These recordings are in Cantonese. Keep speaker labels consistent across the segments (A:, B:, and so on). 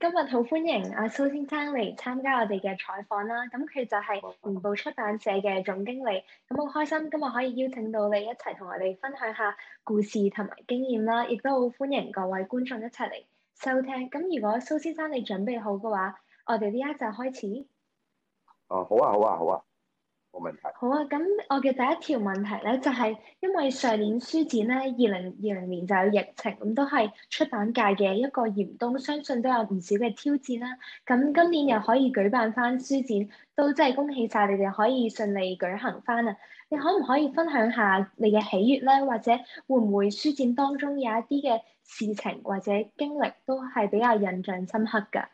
A: 今日好歡迎阿、啊、蘇先生嚟參加我哋嘅採訪啦，咁、啊、佢就係《明報出版社》嘅總經理，咁好開心今日可以邀請到你一齊同我哋分享下故事同埋經驗啦，亦、啊、都好歡迎各位觀眾一齊嚟收聽。咁、啊、如果蘇先生你準備好嘅話，我哋呢一陣就開始。哦、
B: 啊，好啊，好啊，好啊。
A: 冇問題。好啊，咁我嘅第一條問題咧，就係因為上年書展咧，二零二零年就有疫情，咁都係出版界嘅一個嚴冬，相信都有唔少嘅挑戰啦。咁今年又可以舉辦翻書展，都真係恭喜晒你哋可以順利舉行翻啊！你可唔可以分享下你嘅喜悅咧？或者會唔會書展當中有一啲嘅事情，或者經歷都係比較印象深刻㗎？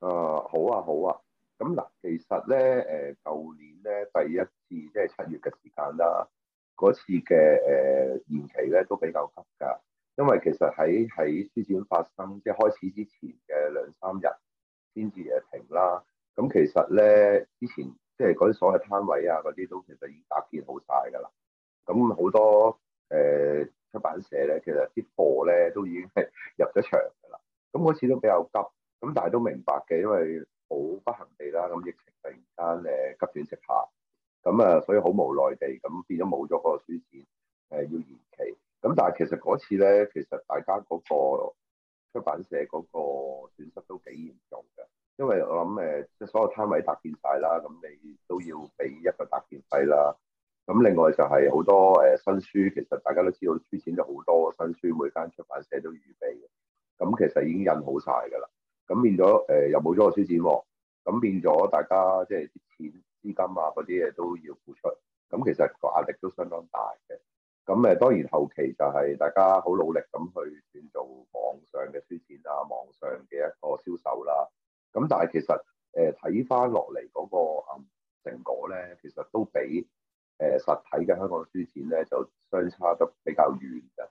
A: 誒、
B: 呃，好啊，好啊。咁嗱，其實咧，誒、呃，舊年。咧第一次即係七月嘅時間啦，嗰次嘅誒延期咧都比較急㗎，因為其實喺喺書展發生即係、就是、開始之前嘅兩三日先至誒停啦。咁其實咧之前即係嗰啲所謂攤位啊嗰啲都其實已經搭建好晒㗎啦。咁好多誒出版社咧其實啲貨咧都已經係入咗場㗎啦。咁嗰次都比較急，咁但係都明白嘅，因為。好不幸地啦，咁疫情突然間誒急轉直下，咁啊，所以好無奈地咁變咗冇咗嗰個書展要延期。咁但係其實嗰次咧，其實大家嗰個出版社嗰個損失都幾嚴重嘅，因為我諗誒，即係所有攤位搭建晒啦，咁你都要俾一個搭建費啦。咁另外就係好多誒新書，其實大家都知道書展都好多新書，每間出版社都預備嘅，咁其實已經印好晒㗎啦。咁變咗誒、呃、又冇咗個書展啊，咁變咗大家即係啲錢資金啊嗰啲嘢都要付出，咁其實個壓力都相當大嘅。咁誒當然後期就係大家好努力咁去轉做網上嘅書展啊，網上嘅一個銷售啦。咁但係其實誒睇翻落嚟嗰個成果咧，其實都比誒實體嘅香港書展咧就相差得比較遠嘅。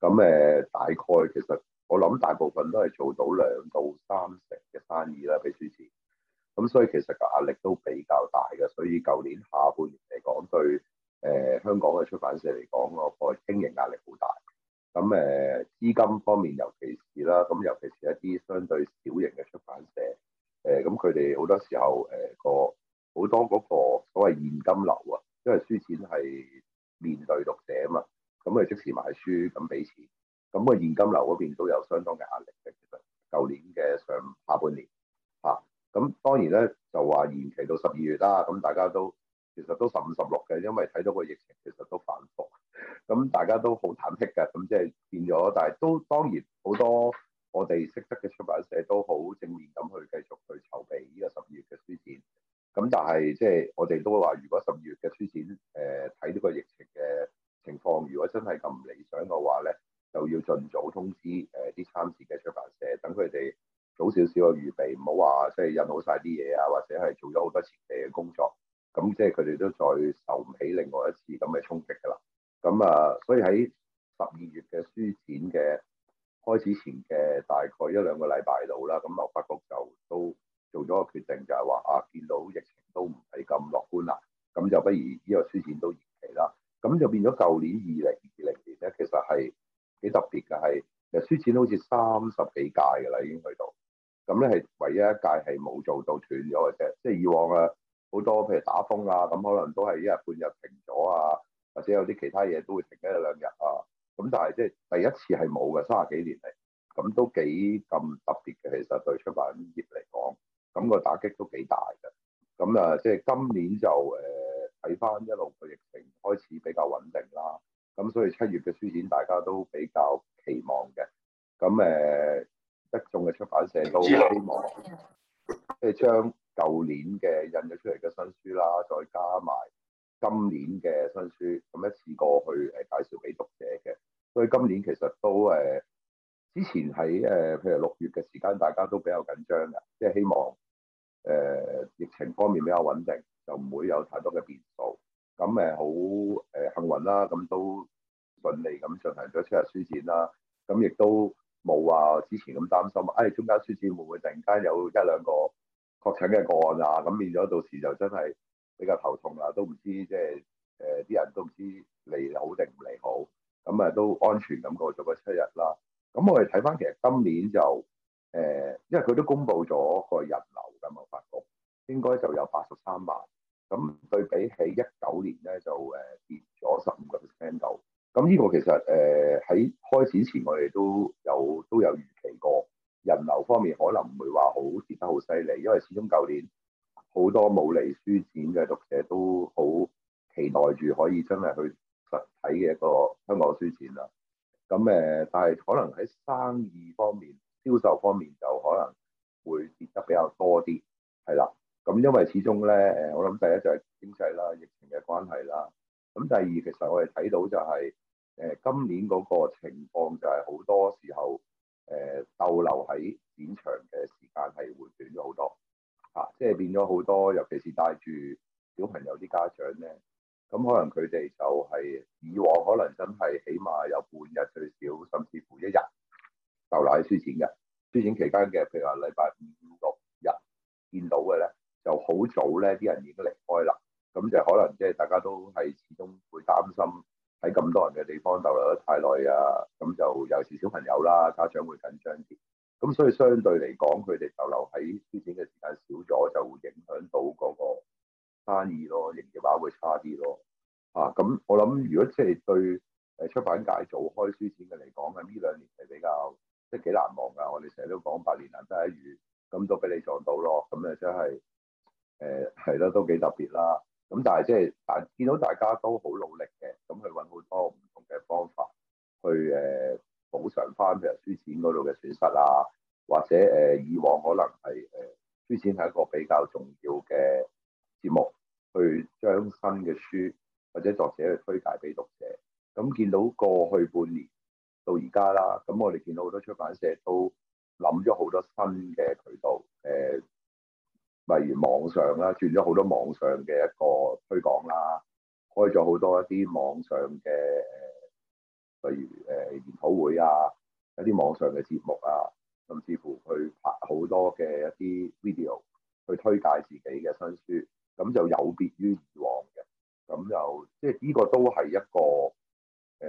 B: 咁誒大概其實～我諗大部分都係做到兩到三成嘅生意啦，比書展。咁所以其實個壓力都比較大嘅，所以舊年下半年嚟講，對誒、呃、香港嘅出版社嚟講，個經營壓力好大。咁誒、呃、資金方面，尤其是啦，咁尤其是一啲相對小型嘅出版社，誒咁佢哋好多時候誒個好多嗰個所謂現金流啊，因為書展係面對讀者啊嘛，咁佢即時買書咁俾錢。咁個現金流嗰邊都有相當嘅壓力嘅。其實舊年嘅上下半年嚇，咁、啊、當然咧就話延期到十二月啦。咁大家都其實都十五十六嘅，因為睇到個疫情其實都反覆，咁大家都好忐忑嘅。咁即係變咗，但係都當然好多我哋識得嘅出版社都好正面咁去繼續去籌備呢個十二月嘅書展。咁但係即係我哋都話，如果十二月嘅書展誒睇、呃、到個疫情嘅情況，如果真係咁唔理想嘅話咧，就要盡早通知誒啲參展嘅出版社，等佢哋早少少嘅預備，唔好話即係印好晒啲嘢啊，或者係做咗好多前期嘅工作，咁即係佢哋都再受唔起另外一次咁嘅衝擊㗎啦。咁啊，所以喺十二月嘅書展嘅開始前嘅大概一兩個禮拜度啦，咁貿法局就都做咗個決定就，就係話啊，見到疫情都唔係咁樂觀啦，咁就不如呢個書展都延期啦。咁就變咗舊年二零二零年咧，其實係。幾特別嘅係，其實書展好似三十幾屆㗎啦，已經去到。咁咧係唯一一屆係冇做到斷咗嘅啫。即係以往啊，好多譬如打風啊，咁可能都係一日半日停咗啊，或者有啲其他嘢都會停一日兩日啊。咁但係即係第一次係冇嘅，卅幾年嚟，咁都幾咁特別嘅。其實對出版業嚟講，咁個打擊都幾大嘅。咁啊，即係今年就誒睇翻一路個疫情開始比較穩定啦。咁所以七月嘅書展大家都比較期望嘅，咁誒，一眾嘅出版社都希望，即係將舊年嘅印咗出嚟嘅新書啦，再加埋今年嘅新書，咁一次過去誒介紹俾讀者嘅。所以今年其實都誒之前喺誒譬如六月嘅時間大家都比較緊張嘅，即係希望誒疫情方面比較穩定，就唔會有太多嘅變。咁誒好誒幸運啦，咁都順利咁進行咗七日書展啦，咁亦都冇話之前咁擔心，誒、哎、中間書展會唔會突然間有一兩個確診嘅個案啊，咁變咗到時就真係比較頭痛啊，都唔知即係誒啲人都唔知嚟好定唔嚟好，咁啊都安全咁過咗個七日啦。咁我哋睇翻其實今年就誒、呃，因為佢都公布咗個人流㗎嘛，貿發局應該就有八十三萬。咁對比起一九年咧，就誒跌咗十五個 percent 度。咁呢個其實誒喺、呃、開始前，我哋都有都有預期過，人流方面可能唔會話好跌得好犀利，因為始終舊年好多冇嚟書展嘅讀者都好期待住可以真係去實體嘅一個香港書展啦。咁誒、呃，但係可能喺生意方面、銷售方面就可能會跌得比較多啲，係啦。咁因為始終咧，誒我諗第一就係經濟啦、疫情嘅關係啦。咁第二其實我哋睇到就係、是、誒、呃、今年嗰個情況就係好多時候誒、呃、逗留喺展場嘅時間係縮短咗好多，嚇、啊、即係變咗好多，尤其是帶住小朋友啲家長咧，咁、嗯、可能佢哋就係以往可能真係起碼有半日最少，甚至乎一日逗留喺書展嘅書展期間嘅，譬如話禮拜五六日見到嘅咧。就好早咧，啲人已經離開啦，咁就可能即係大家都係始終會擔心喺咁多人嘅地方逗留得太耐啊，咁就尤其小朋友啦，家長會緊張啲，咁所以相對嚟講，佢哋逗留喺書展嘅時間少咗，就會影響到嗰個生意咯，營業額會差啲咯，啊，咁我諗如果即係對誒出版界做開書展嘅嚟講啊，呢兩年係比較即係幾難忘噶，我哋成日都講百年難得一遇，咁都俾你撞到咯，咁啊真係～誒，係咯，都幾特別啦。咁但係即係，但，是、就是、但見到大家都好努力嘅，咁去搵好多唔同嘅方法去誒補償翻譬如書展嗰度嘅損失啊，或者誒、呃、以往可能係誒書展係一個比較重要嘅節目，去將新嘅書或者作者去推介俾讀者。咁見到過去半年到而家啦，咁我哋見到好多出版社都諗咗好多新嘅渠道，誒、呃。例如網上啦，轉咗好多網上嘅一個推廣啦，開咗好多一啲網上嘅，例如誒研討會啊，一啲網上嘅節目啊，甚至乎去拍好多嘅一啲 video 去推介自己嘅新書，咁就有別於以往嘅，咁就，即係呢個都係一個誒、呃、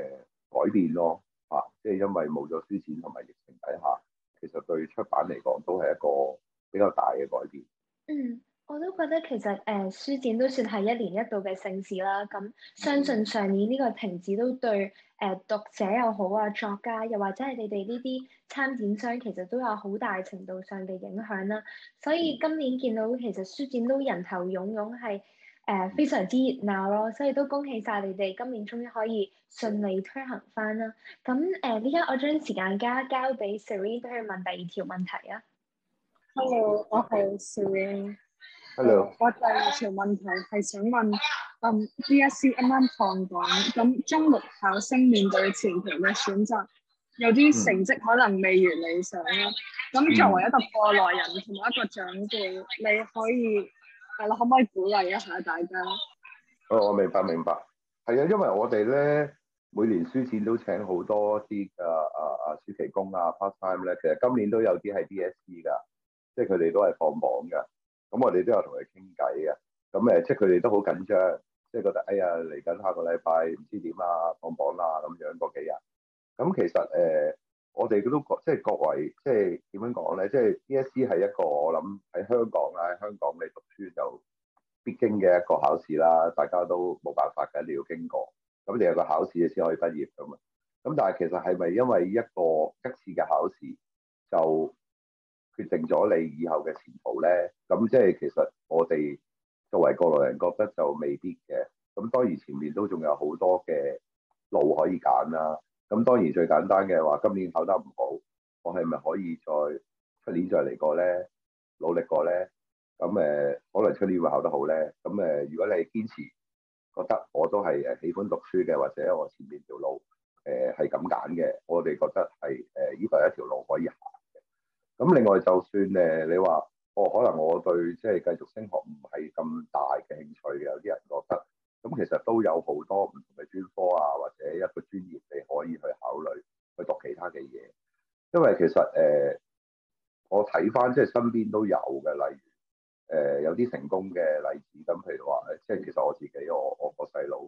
B: 改變咯，嚇、啊，即係因為冇咗書展同埋疫情底下，其實對出版嚟講都係一個比較大嘅改變。
A: 嗯，我都覺得其實誒、呃、書展都算係一年一度嘅盛事啦。咁相信上年呢個停止都對誒、呃、讀者又好啊，作家又或者係你哋呢啲參展商其實都有好大程度上嘅影響啦。所以今年見到其實書展都人頭湧湧，係、呃、誒非常之熱鬧咯。所以都恭喜晒你哋今年終於可以順利推行翻啦。咁誒，依、呃、家我將時間交交俾 Serene 去問第二條問題啊。Hello，我係 Serene。Hello，我第二條問題係想問，嗯，DSE 啱啱放榜，咁中六考生面對前途嘅選擇，有啲成績可能未如理想啦。咁、mm. 作為一個過來人同埋一個長輩，mm. 你可以係咯，uh, 可唔可以鼓勵一下大
C: 家？
B: 哦，我明白明白，係啊，因為我哋咧每年書展都請好多啲嘅啊啊暑期工啊 part time 咧，其實今年都有啲係 DSE 噶。即係佢哋都係放榜㗎，咁我哋都有同佢傾偈嘅，咁誒，即係佢哋都好緊張，即係覺得哎呀，嚟緊下，下個禮拜唔知點啊，放榜啦咁樣嗰幾日。咁其實誒，我哋都覺即係各位即係點樣講咧？即係 DSE 係一個我諗喺香港啦，香港你讀書就必經嘅一個考試啦，大家都冇辦法嘅，你要經過，咁你有個考試你先可以畢業㗎嘛。咁但係其實係咪因為一個一次嘅考試就？決定咗你以後嘅前途咧，咁即係其實我哋作為過來人，覺得就未必嘅。咁當然前面都仲有好多嘅路可以揀啦、啊。咁當然最簡單嘅話，今年考得唔好，我係咪可以再出年再嚟過咧？努力過咧，咁誒可能出年會考得好咧。咁誒，如果你堅持覺得我都係誒喜歡讀書嘅，或者我前面條路誒係咁揀嘅，我哋覺得係誒呢個係一條路可以行。咁另外就算誒，你話哦，可能我對即係繼續升學唔係咁大嘅興趣嘅，有啲人覺得，咁其實都有好多唔同嘅專科啊，或者一個專業你可以去考慮去讀其他嘅嘢，因為其實誒、呃，我睇翻即係身邊都有嘅，例如誒、呃、有啲成功嘅例子，咁譬如話誒，即係其實我自己，我我個細佬，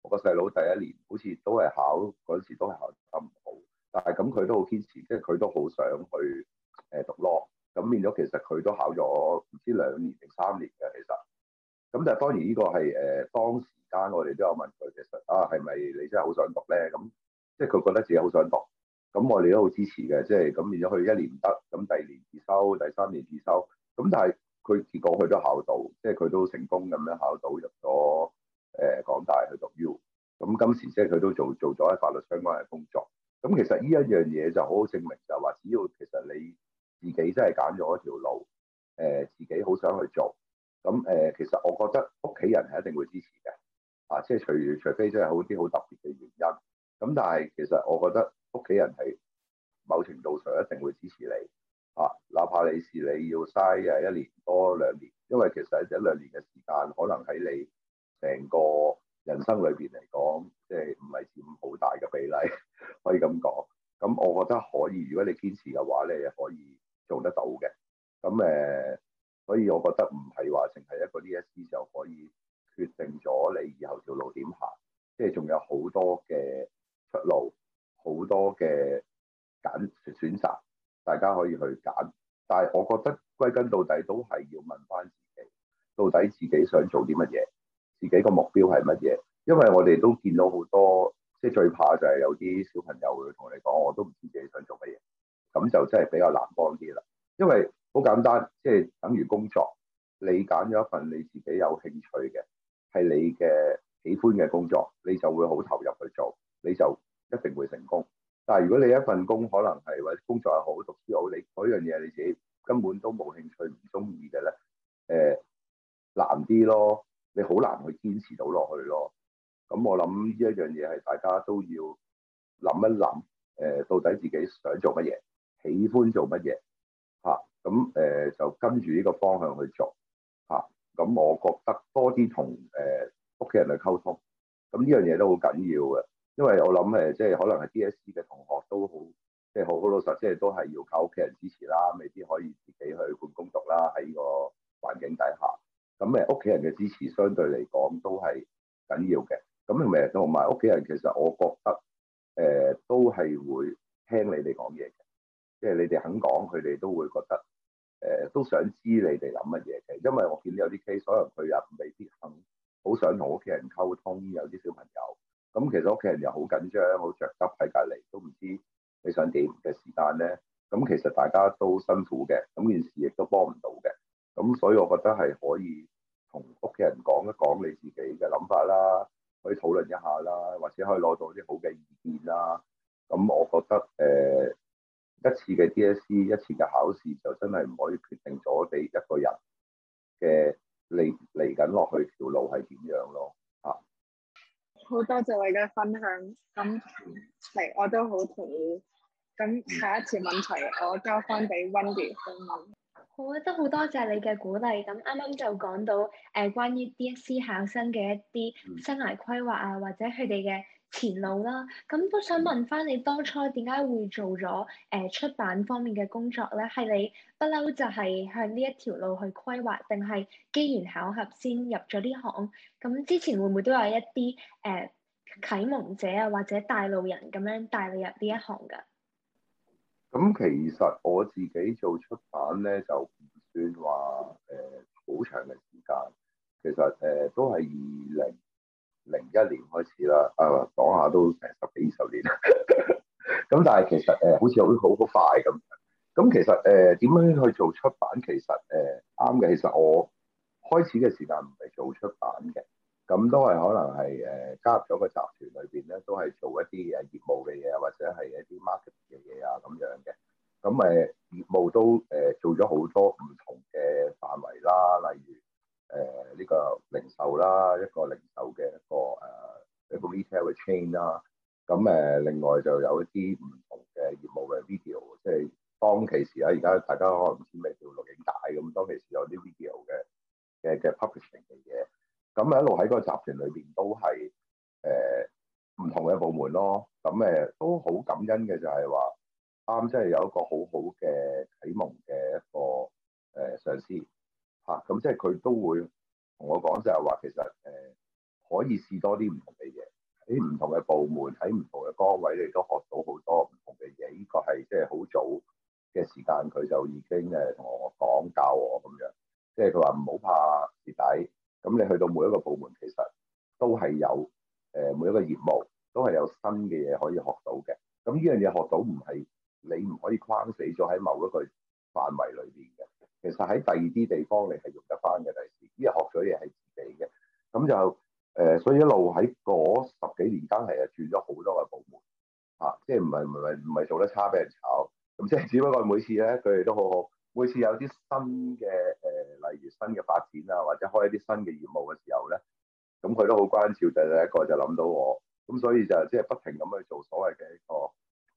B: 我個細佬第一年好似都係考嗰時都係考得唔好，但係咁佢都好堅持，即係佢都好想去。誒讀 law，咁變咗其實佢都考咗唔知兩年定三年嘅其實，咁但係當然呢個係誒當時間我哋都有問佢，其實啊係咪你真係好想讀咧？咁即係佢覺得自己好想讀，咁我哋都好支持嘅，即係咁變咗佢一年唔得，咁第二年自修，第三年自修，咁但係佢結果佢都考到，即係佢都成功咁樣考到入咗誒、呃、港大去讀 U，咁今時即係佢都做做咗喺法律相關嘅工作，咁其實呢一樣嘢就好好證明就係話，只要其實你。自己真係揀咗一條路，誒，自己好想去做，咁誒、呃，其實我覺得屋企人係一定會支持嘅，啊，即係除除非真係好啲好特別嘅原因，咁但係其實我覺得屋企人喺某程度上一定會支持你，啊，哪怕你是你要嘥誒一年多兩年，因為其實一兩年嘅時間可能喺你成個人生裏邊嚟講，即係唔係佔好大嘅比例，可以咁講，咁我覺得可以，如果你堅持嘅話，你又可以。做得到嘅，咁誒，所以我覺得唔係話淨係一個 DSE 就可以決定咗你以後條路點行，即係仲有好多嘅出路，好多嘅揀選擇，大家可以去揀。但係我覺得歸根到底都係要問翻自己，到底自己想做啲乜嘢，自己個目標係乜嘢？因為我哋都見到好多，即係最怕就係有啲小朋友會同你講，我都唔知自己想做乜嘢。咁就真係比較難幫啲啦，因為好簡單，即係等於工作，你揀咗一份你自己有興趣嘅，係你嘅喜歡嘅工作，你就會好投入去做，你就一定會成功。但係如果你一份工可能係或者工作又好讀書又好，你嗰樣嘢你自己根本都冇興趣，唔中意嘅咧，誒難啲咯，你好難去堅持到落去咯。咁我諗呢一樣嘢係大家都要諗一諗，誒到底自己想做乜嘢？喜歡做乜嘢嚇，咁、啊、誒、呃、就跟住呢個方向去做嚇。咁、啊、我覺得多啲同誒屋企人去溝通，咁、啊、呢樣嘢都好緊要嘅。因為我諗誒，即係可能係 DSE 嘅同學都好，即係好好老實，即係都係要靠屋企人支持啦。未必可以自己去半工讀啦，喺個環境底下。咁誒，屋、呃、企人嘅支持相對嚟講都係緊要嘅。咁同埋屋企人，其實我覺得誒、呃、都係會聽你哋講嘢嘅。即係你哋肯講，佢哋都會覺得誒、呃，都想知你哋諗乜嘢嘅。因為我見到有啲 case，可能佢又未必肯好想同屋企人溝通，有啲小朋友。咁、嗯、其實屋企人又好緊張，好着急喺隔離，都唔知你想點嘅時間咧。咁、嗯、其實大家都辛苦嘅，咁、嗯、件事亦都幫唔到嘅。咁、嗯、所以我覺得係可以同屋企人講一講你自己嘅諗法啦，可以討論一下啦，或者可以攞到啲好嘅意見啦。咁、嗯、我覺得誒、呃一次嘅 DSE 一次嘅考試就真係唔可以決定咗我哋一個人嘅嚟嚟緊落去條路係點樣咯。啊，
A: 好多謝你嘅分享。咁係、嗯、我都好同意。咁下一次問題，我交翻俾 Wendy。好啊，都好多謝你嘅鼓勵。咁啱啱就講到誒、呃、關於 DSE 考生嘅一啲生涯規劃啊，嗯、或者佢哋嘅。前路啦，咁都想問翻你當初點解會做咗誒、呃、出版方面嘅工作咧？係你不嬲就係向呢一條路去規劃，定係機緣巧合先入咗呢行？咁之前會唔會都有一啲誒、呃、啟蒙者啊，或者帶路人咁樣帶你入呢一行㗎？咁
B: 其實我自己做出版咧，就唔算話誒好長嘅時間，其實誒、呃、都係二零零一年開始啦，啊、uh, 講下都成十幾二十年，咁 但係其實誒、uh, 好似好好好快咁。咁其實誒點、uh, 樣去做出版？其實誒啱嘅。其實我開始嘅時間唔係做出版嘅，咁都係可能係誒、uh, 加入咗個集團裏邊咧，都係做一啲誒業務嘅嘢，或者係一啲 market 嘅嘢啊咁樣嘅。咁誒、uh, 業務都誒、uh, 做咗好多唔同嘅範圍啦，例如，誒呢、呃這個零售啦，一個零售嘅一個誒一個 retail 嘅 chain 啦、啊，咁、啊、誒另外就有一啲唔同嘅業務嘅 video，即係當其時啦、啊，而家大家可能唔知咩叫錄影帶咁，當其時有啲 video 嘅嘅嘅 publishing 嘅嘢，咁、啊、誒一路喺嗰個集團裏邊都係誒唔同嘅部門咯，咁、啊、誒都好感恩嘅就係話啱，即係有一個好好嘅啟蒙嘅一個誒上司。嚇！咁即係佢都會同我講、就是，就係話其實誒、呃、可以試多啲唔同嘅嘢，喺唔同嘅部門，喺唔同嘅崗位，你都學到好多唔同嘅嘢。呢個係即係好早嘅時間，佢就已經誒同我講教我咁樣。即係佢話唔好怕蝕底，咁你去到每一個部門，其實都係有誒、呃、每一個業務都係有新嘅嘢可以學到嘅。咁呢樣嘢學到唔係你唔可以框死咗喺某一個範圍裏邊嘅。其實喺第二啲地方，你係用得翻嘅，第時呢個學咗嘢係自己嘅，咁就誒，所以一路喺嗰十幾年間係啊轉咗好多嘅部門，嚇、啊，即係唔係唔係唔係做得差俾人炒，咁即係只不過每次咧佢哋都好好，每次有啲新嘅誒，例如新嘅發展啊，或者開一啲新嘅業務嘅時候咧，咁佢都好關照，就第一個就諗到我，咁所以就即係不停咁去做所謂嘅一個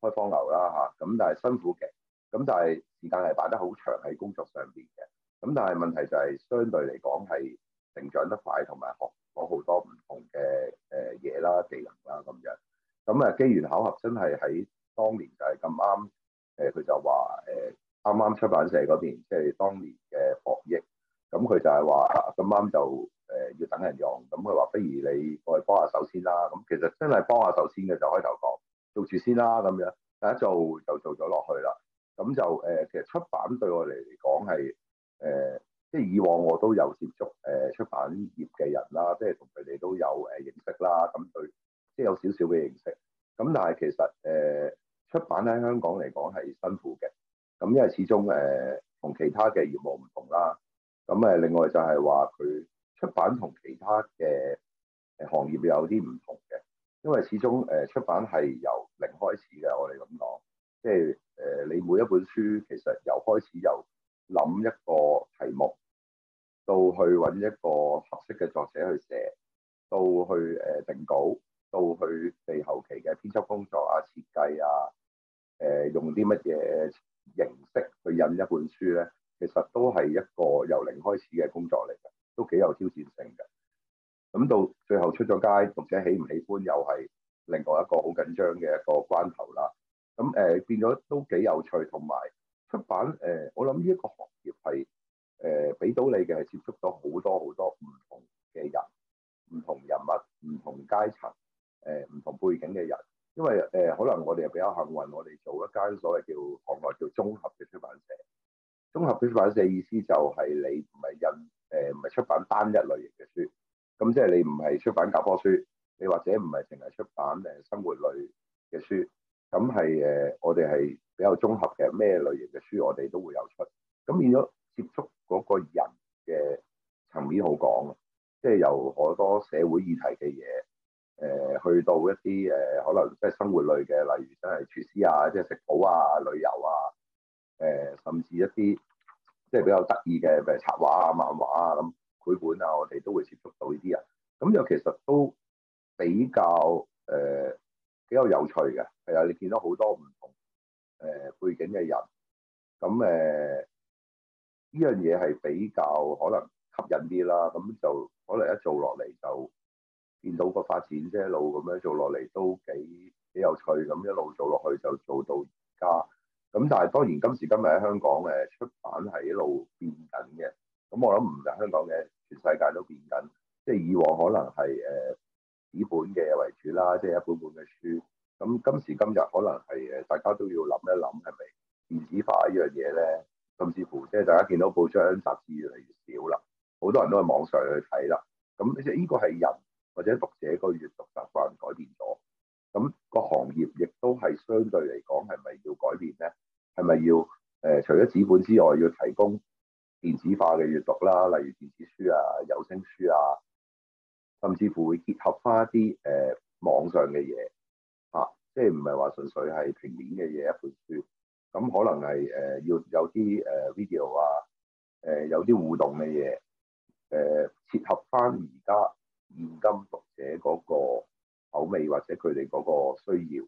B: 開荒牛啦嚇，咁、啊、但係辛苦嘅。咁但係時間係擺得好長喺工作上邊嘅。咁但係問題就係相對嚟講係成長得快，同埋學咗好多唔同嘅誒嘢啦、技能啦咁樣。咁啊機緣巧合真係喺當年就係咁啱誒，佢就話誒啱啱出版社嗰邊，即係當年嘅獲益。咁佢就係話咁啱就誒要等人用，咁佢話不如你過去幫下手先啦。咁其實真係幫下手先嘅，就開頭講做住先啦咁樣，一做就做咗落去啦。咁就誒、呃，其實出版對我哋嚟講係誒，即係以往我都有接觸誒、呃、出版業嘅人啦，即係同佢哋都有誒、呃、認識啦。咁對，即係有少少嘅認識。咁但係其實誒、呃，出版喺香港嚟講係辛苦嘅。咁因為始終誒，同、呃、其他嘅業務唔同啦。咁誒，另外就係話佢出版同其他嘅誒行業有啲唔同嘅，因為始終誒、呃、出版係由零開始嘅。我哋咁講。即係誒，你每一本書其實由開始由諗一個題目，到去揾一個合適嘅作者去寫，到去誒定稿，到去地後期嘅編輯工作啊、設計啊，誒用啲乜嘢形式去印一本書咧，其實都係一個由零開始嘅工作嚟嘅，都幾有挑戰性嘅。咁到最後出咗街，讀者喜唔喜歡又係另外一個好緊張嘅一個關頭啦。咁誒變咗都幾有趣，同埋出版誒、呃，我諗呢一個行業係誒俾到你嘅係接觸到好多好多唔同嘅人、唔同人物、唔同階層、誒、呃、唔同背景嘅人。因為誒、呃、可能我哋又比較幸運，我哋做一間所謂叫行內叫綜合嘅出版社。綜合嘅出版社意思就係你唔係印誒唔係出版單一類型嘅書，咁即係你唔係出版教科書，你或者唔係淨係出版誒生活類嘅書。咁係誒，我哋係比較綜合嘅，咩類型嘅書我哋都會有出。咁變咗接觸嗰個人嘅層面好講，即係由好多社會議題嘅嘢，誒、呃、去到一啲誒、呃、可能即係生活類嘅，例如真係廚師啊，即、就、係、是、食譜啊、旅遊啊，誒、呃、甚至一啲即係比較得意嘅譬如插畫啊、漫畫啊咁繪本啊，我哋都會接觸到呢啲人。咁又其實都比較誒。呃比有有趣嘅，係啊！你見到好多唔同誒、呃、背景嘅人，咁誒依樣嘢係比較可能吸引啲啦。咁就可能一做落嚟就見到個發展啫、嗯，一路咁樣做落嚟都幾幾有趣。咁一路做落去就做到而家。咁但係當然今時今日喺香港誒、呃、出版係一路變緊嘅。咁我諗唔係香港嘅，全世界都變緊。即係以往可能係誒。呃紙本嘅為主啦，即係一本本嘅書。咁今時今日可能係誒，大家都要諗一諗，係咪電子化依樣嘢咧？甚至乎，即係大家見到報章雜誌越嚟越少啦，好多人都喺網上去睇啦。咁其實依個係人或者讀者個閱讀習慣改變咗。咁個行業亦都係相對嚟講係咪要改變咧？係咪要誒？除咗紙本之外，要提供電子化嘅閱讀啦，例如電子書啊、有聲書啊。甚至乎會結合翻一啲誒、呃、網上嘅嘢嚇，即係唔係話純粹係平面嘅嘢，一本書，咁可能係誒、呃、要有啲誒、呃、video 啊，誒、呃、有啲互動嘅嘢，誒、呃、切合翻而家現今讀者嗰個口味或者佢哋嗰個需要，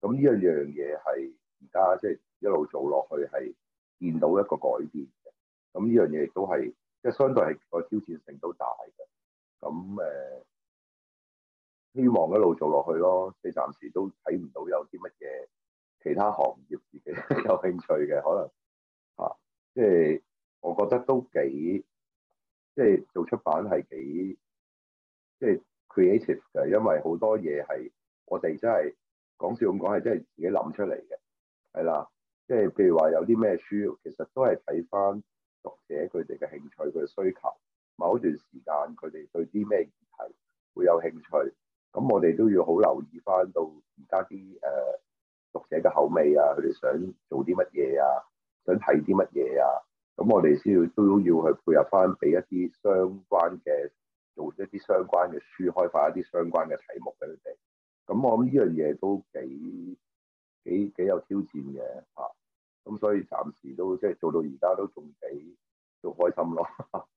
B: 咁呢一樣嘢係而家即係一路做落去係見到一個改變嘅，咁呢樣嘢亦都係即係相對係個挑戰性都大嘅。咁誒、嗯，希望一路做落去咯。即係暫時都睇唔到有啲乜嘢其他行業自己 有興趣嘅，可能嚇、啊。即係我覺得都幾，即係做出版係幾，即係 creative 嘅，因為好多嘢係我哋真係講笑咁講係真係自己諗出嚟嘅。係啦，即係譬如話有啲咩書，其實都係睇翻讀者佢哋嘅興趣、佢嘅需求。某一段時間，佢哋對啲咩議題會有興趣，咁我哋都要好留意翻到而家啲誒讀者嘅口味啊，佢哋想做啲乜嘢啊，想睇啲乜嘢啊，咁我哋先要都要去配合翻，俾一啲相關嘅做一啲相關嘅書，開發一啲相關嘅題目俾佢哋。咁我諗呢樣嘢都幾幾幾有挑戰嘅嚇，咁、啊、所以暫時都即係做到而家都仲幾都開心咯。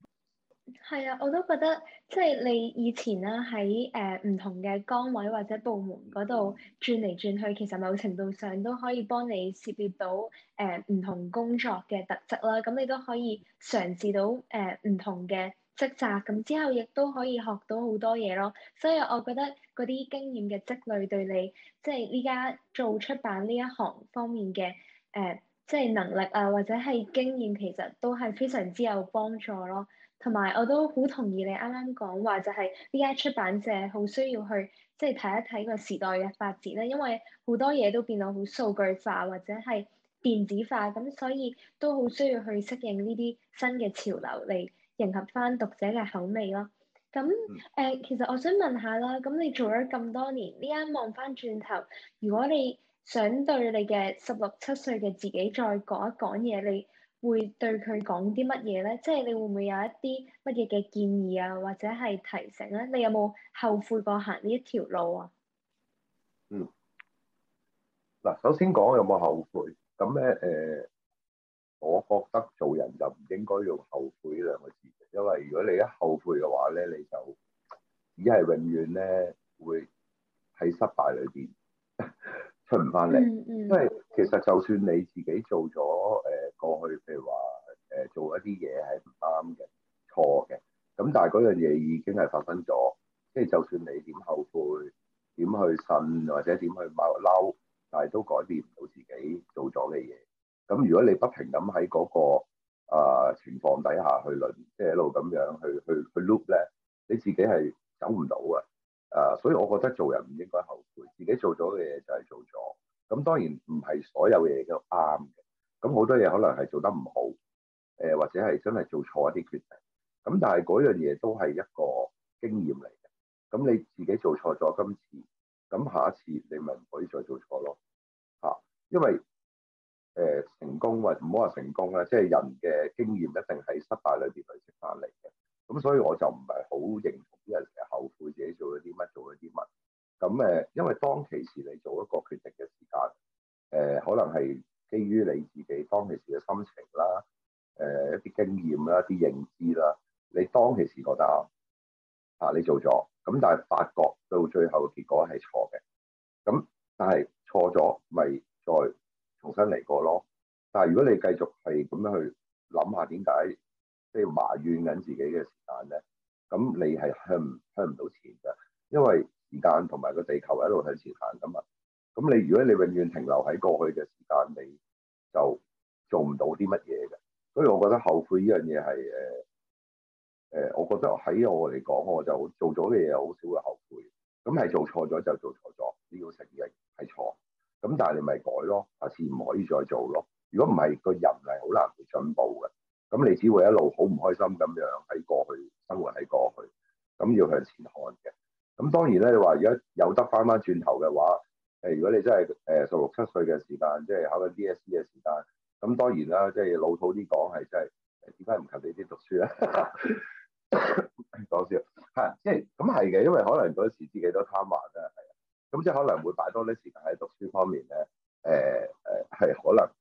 A: 係啊，我都覺得即係你以前啦喺，誒唔同嘅崗位或者部門嗰度轉嚟轉去，其實某程度上都可以幫你涉獵到誒唔同工作嘅特質啦。咁你都可以嘗試到誒唔同嘅職責，咁之後亦都可以學到好多嘢咯。所以我覺得嗰啲經驗嘅積累對你即係而家做出版呢一行方面嘅誒即係能力啊，或者係經驗，其實都係非常之有幫助咯。同埋我都好同意你啱啱講話，就係呢家出版社好需要去即係睇一睇個時代嘅發展啦，因為好多嘢都變到好數據化或者係電子化，咁所以都好需要去適應呢啲新嘅潮流嚟迎合翻讀者嘅口味咯。咁誒、呃，其實我想問下啦，咁你做咗咁多年，呢家望翻轉頭，如果你想對你嘅十六七歲嘅自己再講一講嘢，你會對佢講啲乜嘢咧？即係你會唔會有一啲乜嘢嘅建議啊，或者係提醒咧、啊？你有冇後悔過行呢一條路啊？嗯，
B: 嗱，首先講有冇後悔咁咧。誒、呃，我覺得做人就唔應該用後悔呢兩個字，因為如果你一後悔嘅話咧，你就已經係永遠咧會喺失敗裏邊 出唔翻嚟。嗯嗯、因為其實就算你自己做咗誒。呃過去譬如話誒做一啲嘢係唔啱嘅、錯嘅，咁但係嗰樣嘢已經係發生咗，即係就算你點後悔、點去呻或者點去嬲，但係都改變唔到自己做咗嘅嘢。咁如果你不停咁喺嗰個、呃、情況底下去輪，即係一路咁樣去去去 loop 咧，你自己係走唔到嘅。啊、呃，所以我覺得做人唔應該後悔，自己做咗嘅嘢就係做咗。咁當然唔係所有嘢都啱嘅。咁好多嘢可能係做得唔好，誒或者係真係做錯一啲決定，咁但係嗰樣嘢都係一個經驗嚟嘅。咁你自己做錯咗今次，咁下一次你咪唔可以再做錯咯，嚇？因為誒成功或唔好話成功啦，即係人嘅經驗一定喺失敗裏邊去累積翻嚟嘅。咁所以我就唔係好認同啲人成日後悔自己做咗啲乜，做咗啲乜。咁誒，因為當其時嚟做一個決定嘅時間，誒可能係。基於你自己當其時嘅心情啦，誒一啲經驗啦，一啲認知啦，你當其時覺得啊，啊你做咗，咁但係發覺到最後嘅結果係錯嘅，咁但係錯咗咪再重新嚟過咯。但係如果你繼續係咁樣去諗下點解，即係埋怨緊自己嘅時間咧，咁你係向唔向唔到前嘅，因為時間同埋個地球係一路向前行咁啊。咁你如果你永遠停留喺過去嘅時間，你就做唔到啲乜嘢嘅。所以我覺得後悔呢樣嘢係誒誒，我覺得喺我嚟講，我就做咗嘅嘢好少會後悔。咁係做錯咗就做錯咗，你要承認係錯。咁但係你咪改咯，下次唔可以再做咯。如果唔係個人係好難去進步嘅，咁你只會一路好唔開心咁樣喺過去，生活喺過去。咁要向前看嘅。咁當然咧，你話如果有得翻翻轉頭嘅話，誒，如果你真係誒十六七歲嘅時間，即係考緊 DSE 嘅時間，咁當然啦，即係老土啲講係真係點解唔及你啲讀書咧？講笑，係即係咁係嘅，因為可能嗰時自己都貪玩啦，係咁即係可能會擺多啲時間喺讀書方面咧，誒誒係可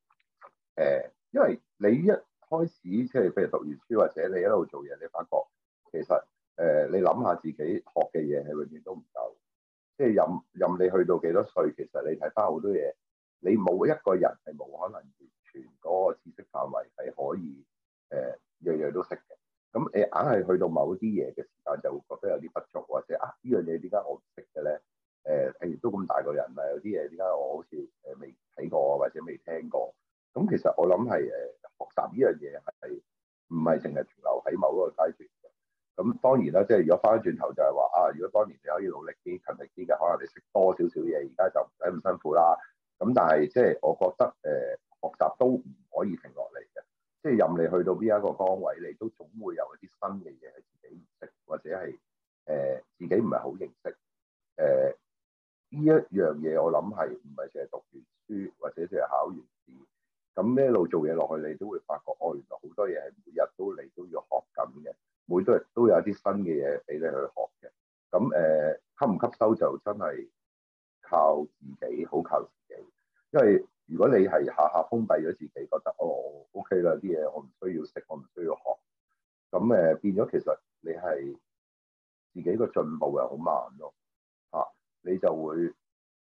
B: 能誒，因為你一開始即係譬如讀完書或者你一路做嘢，你發覺其實誒你諗下自己學嘅嘢係永遠都唔～即係任任你去到幾多歲，其實你睇翻好多嘢，你冇一個人係冇可能完全嗰個知識範圍係可以誒樣樣都識嘅。咁你硬係去到某啲嘢嘅時間，就會覺得有啲不足，或者啊、這個、呢樣嘢點解我唔識嘅咧？誒、呃，譬如都咁大個人啦，有啲嘢點解我好似誒未睇過或者未聽過？咁、嗯、其實我諗係誒學習呢樣嘢係唔係淨係停留喺某一個階段？咁當然啦，即係如果翻返轉頭就係話啊，如果當年你可以努力啲、勤力啲嘅，可能你識多少少嘢，而家就唔使咁辛苦啦。咁但係即係我覺得誒學習都唔可以停落嚟嘅，即係任你去到邊一個崗位，你都總會有一啲新嘅嘢係自己唔識，或者係誒自己唔係好認識。誒呢一樣嘢，我諗係唔係淨係讀完書或者淨係考完試，咁一路做嘢落去，你都會發覺哦，原來好多嘢係每日都你都要學緊嘅。每多日都有啲新嘅嘢俾你去學嘅，咁誒、呃、吸唔吸收就真係靠自己，好靠自己。因為如果你係下下封閉咗自己，覺得哦，O K 啦，啲、okay、嘢我唔需要識，我唔需要學，咁誒、呃、變咗其實你係自己個進步又好慢咯，嚇、啊、你就會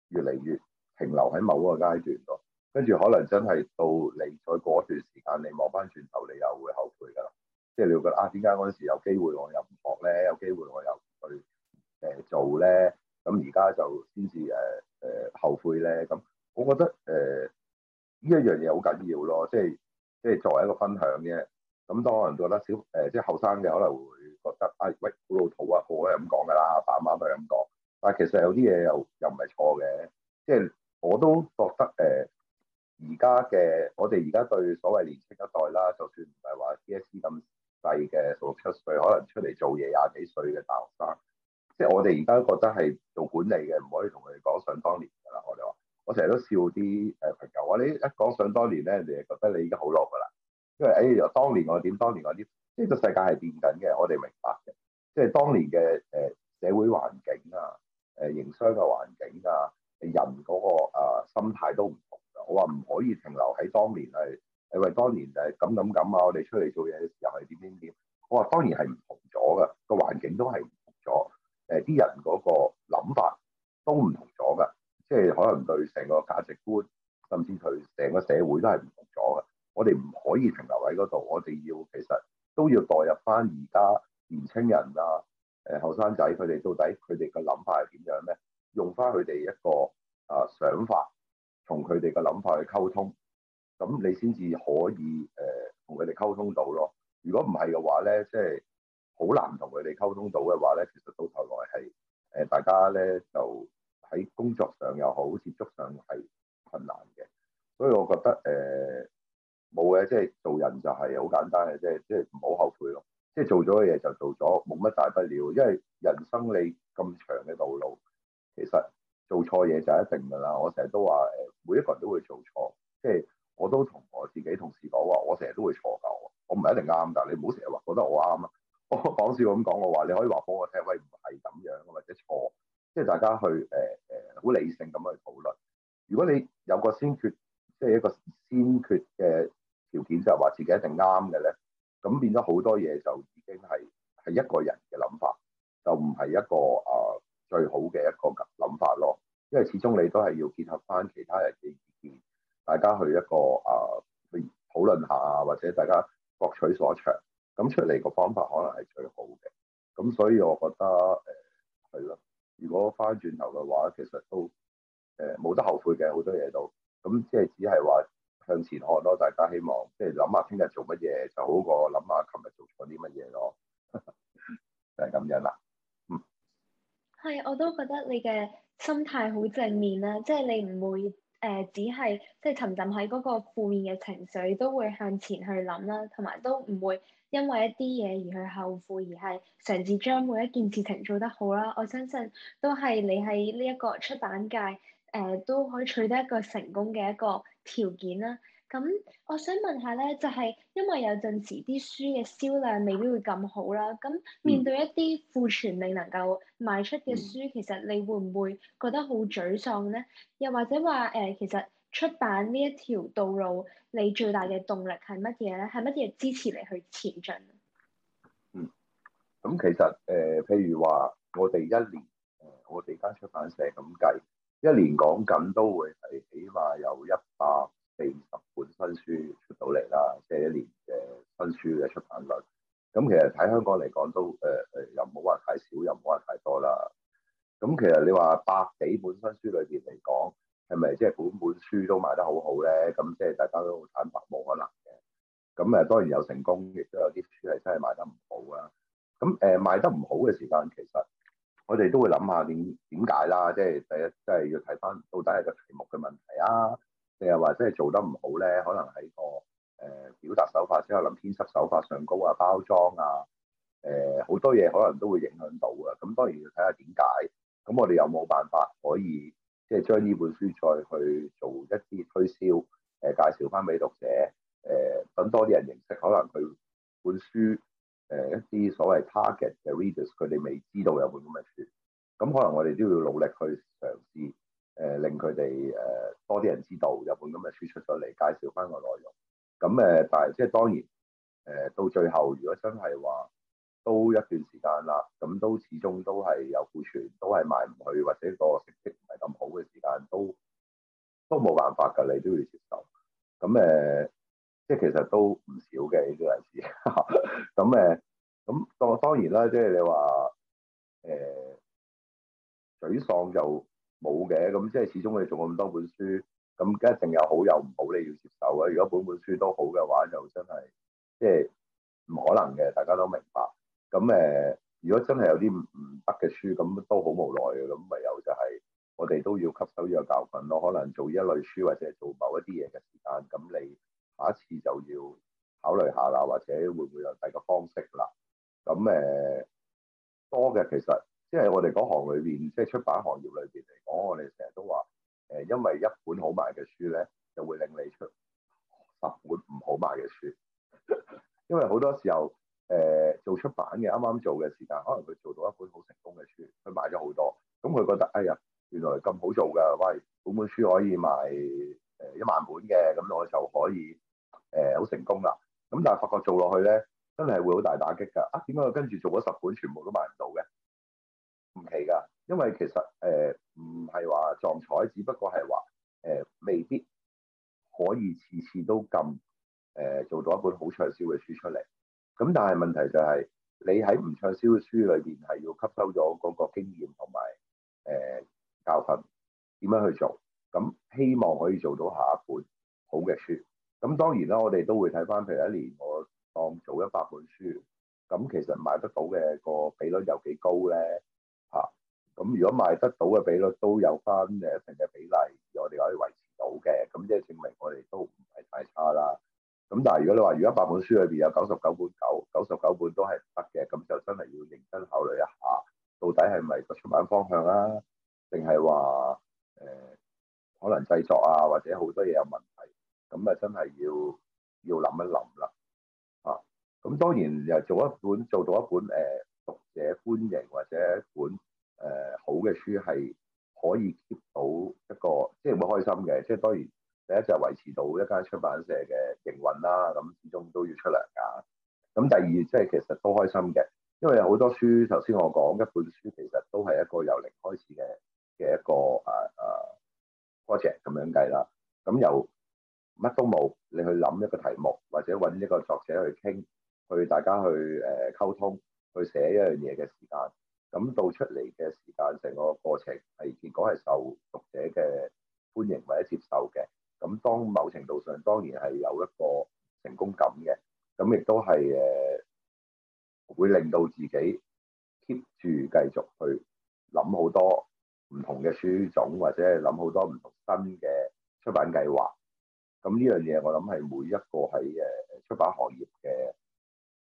B: 越嚟越停留喺某個階段咯，跟住可能真係到你再過一段時間，你望翻轉頭，你又會後悔㗎喇。即係你會覺得啊，點解嗰陣時有機會我又唔學咧？有機會我又唔去誒做咧？咁而家就先至誒誒後悔咧？咁我覺得誒呢一樣嘢好緊要咯，即係即係作為一個分享啫。咁當然都覺得小誒、呃，即係後生嘅可能會覺得啊、哎，喂好老土啊，好咧咁講㗎啦，爸媽都係咁講。但係其實有啲嘢又又唔係錯嘅，即係我都覺得誒而家嘅我哋而家對所謂年青一代啦，就算唔係話 DSE 咁。細嘅十六七歲，可能出嚟做嘢廿幾歲嘅大學生，即係我哋而家覺得係做管理嘅，唔可以同佢哋講想當年㗎啦。我哋話，我成日都笑啲誒朋友，我哋一講想當年咧，你哋係覺得你已經好老㗎啦。因為誒、哎，當年我點？當年我點？呢、這個世界係變緊嘅，我哋明白嘅。即係當年嘅誒社會環境啊，誒營商嘅環境啊，人嗰個心態都唔同嘅。我話唔可以停留喺當年去。誒，咪當年誒咁咁咁啊！我哋出嚟做嘢嘅時候係點點點？我話當然係唔同咗噶，個環境都係唔同咗。誒，啲人嗰個諗法都唔同咗噶，即係可能對成個價值觀，甚至對成個社會都係唔同咗噶。我哋唔可以停留喺嗰度，我哋要其實都要代入翻而家年輕人啊、誒後生仔佢哋到底佢哋嘅諗法係點樣咧？用翻佢哋一個啊想法，同佢哋嘅諗法去溝通。咁你先至可以誒同佢哋溝通到咯。如果唔係嘅話咧，即係好難同佢哋溝通到嘅話咧，其實到頭來係誒、呃、大家咧就喺工作上又好，接觸上係困難嘅。所以我覺得誒冇嘅，即係做人就係好簡單嘅，即係即係唔好後悔咯。即係做咗嘅嘢就做咗，冇乜大不了。因為人生你咁長嘅道路，其實做錯嘢就一定㗎啦。我成日都話誒，每一個人都會做錯，即係。我都同我自己同事講話，我成日都會錯噶，我唔係一定啱㗎，但你唔好成日話覺得我啱啊！我講笑咁講，我話你可以話俾我聽，喂唔係咁樣，或者錯，即係大家去誒誒好理性咁去討論。如果你有個先決，即係一個先決嘅條件，就係話自己一定啱嘅咧，咁變咗好多嘢就已經係係一個人嘅諗法，就唔係一個啊最好嘅一個諗法咯。因為始終你都係要結合返其他人嘅意見。大家去一個啊，去討論下啊，或者大家各取所長，咁出嚟個方法可能係最好嘅。咁所以我覺得誒係咯，如果翻轉頭嘅話，其實都誒冇得後悔嘅，好多嘢都，咁即係只係話向前看咯。大家希望即係諗下聽日做乜嘢，就好過諗下琴日做錯啲乜嘢咯。 就係咁樣啦。嗯，
A: 係，我都覺得你嘅心態好正面啦，即係你唔會。誒、呃、只係即係沉浸喺嗰個負面嘅情緒，都會向前去諗啦，同埋都唔會因為一啲嘢而去後悔，而係嘗試將每一件事情做得好啦。我相信都係你喺呢一個出版界誒、呃、都可以取得一個成功嘅一個條件啦。咁我想問下咧，就係、是、因為有陣時啲書嘅銷量未必會咁好啦。咁面對一啲庫存未能夠賣出嘅書，其實你會唔會覺得好沮喪咧？又或者話誒、呃，其實出版呢一條道路，你最大嘅動力係乜嘢咧？係乜嘢支持你去前進？嗯，
B: 咁其實誒、呃，譬如話我哋一年，呃、我哋間出版社咁計，一年講緊都會係起碼有一百二十本新書出到嚟啦，即係一年嘅新書嘅出版率。咁其實喺香港嚟講都誒誒、呃，又唔好話太少，又唔好話太多啦。咁其實你話百幾本新書裏邊嚟講，係咪即係本本書都賣得好好咧？咁即係大家都好坦白，冇可能嘅。咁誒，當然有成功，亦都有啲書係真係賣得唔好啊。咁誒，賣得唔好嘅時間，其實我哋都會諗下點點解啦。即係第一，即係要睇翻到底係個題目嘅問題啊。定係話真係做得唔好咧？可能喺個誒表達手法之外，可能編輯手法上高啊、包裝啊，誒、呃、好多嘢可能都會影響到㗎。咁當然要睇下點解。咁我哋有冇辦法可以即係將呢本書再去做一啲推銷，誒、呃、介紹翻俾讀者，誒、呃、等多啲人認識，可能佢本書誒、呃、一啲所謂 target 嘅 readers，佢哋未知道有本咁嘅書。咁可能我哋都要努力去嘗試。誒令佢哋誒多啲人知道，有本咁嘅書出咗嚟，介紹翻個內容。咁誒，但即係當然誒、呃，到最後如果真係話都一段時間啦，咁都始終都係有庫存，都係賣唔去，或者個成績唔係咁好嘅時間，都都冇辦法㗎，你都要接受。咁誒、呃，即係其實都唔少嘅呢啲人士。咁誒，咁 當、呃、當然啦，即係你話誒沮喪就。冇嘅，咁即係始終你仲有咁多本書，咁梗一定有好有唔好，你要接受啊！如果本本書都好嘅話，就真係即係唔可能嘅，大家都明白。咁誒，如果真係有啲唔得嘅書，咁都好無奈嘅。咁唯有就係我哋都要吸收呢個教訓咯。可能做一類書或者做某一啲嘢嘅時間，咁你下一次就要考慮下啦，或者會唔會有第個方式啦？咁誒多嘅其實。即係我哋嗰行裏邊，即係出版行業裏邊嚟講，我哋成日都話誒，因為一本好賣嘅書咧，就會令你出十本唔好賣嘅書。 因為好多時候誒、呃、做出版嘅，啱啱做嘅時間，可能佢做到一本好成功嘅書，佢賣咗好多，咁佢覺得哎呀，原來咁好做㗎，喂，本本書可以賣誒一萬本嘅，咁我就可以誒好、呃、成功啦。咁但係發覺做落去咧，真係會好大打擊㗎。啊，點解我跟住做咗十本全部都賣唔到嘅？唔奇噶，因為其實誒唔係話撞彩，只不過係話誒未必可以次次都咁誒、呃、做到一本好暢銷嘅書出嚟。咁但係問題就係、是、你喺唔暢銷嘅書裏邊係要吸收咗嗰個經驗同埋誒教訓，點樣去做？咁、嗯、希望可以做到下一本好嘅書。咁、嗯、當然啦，我哋都會睇返，譬如一年我當做一百本書，咁、嗯、其實買得到嘅個比率有幾高咧？咁如果賣得到嘅比率都有翻誒一定嘅比例，我哋可以維持到嘅，咁即係證明我哋都唔係太差啦。咁但係如果你話，如果一百本書裏邊有九十九本九九十九本都係唔得嘅，咁就真係要認真考慮一下，到底係咪個出版方向啊，定係話誒可能製作啊，或者好多嘢有問題，咁啊真係要要諗一諗啦嚇。咁當然又做一本做到一本誒讀者歡迎或者一本。誒、呃、好嘅書係可以接到一個，即係會開心嘅。即係當然，第一就係維持到一間出版社嘅營運啦。咁、啊、始終都要出糧㗎。咁、啊、第二，即係其實都開心嘅，因為好多書。頭先我講一本書，其實都係一個由零開始嘅嘅一個啊啊 project 咁樣計啦。咁、啊、由乜都冇，你去諗一個題目，或者揾一個作者去傾，去大家去誒、呃、溝通，去寫一樣嘢嘅時間。咁到出嚟嘅時間，成個過程係結果係受讀者嘅歡迎或者接受嘅。咁當某程度上，當然係有一個成功感嘅。咁亦都係誒會令到自己 keep 住繼續去諗好多唔同嘅書種，或者係諗好多唔同新嘅出版計劃。咁呢樣嘢，我諗係每一個喺誒出版行業嘅誒、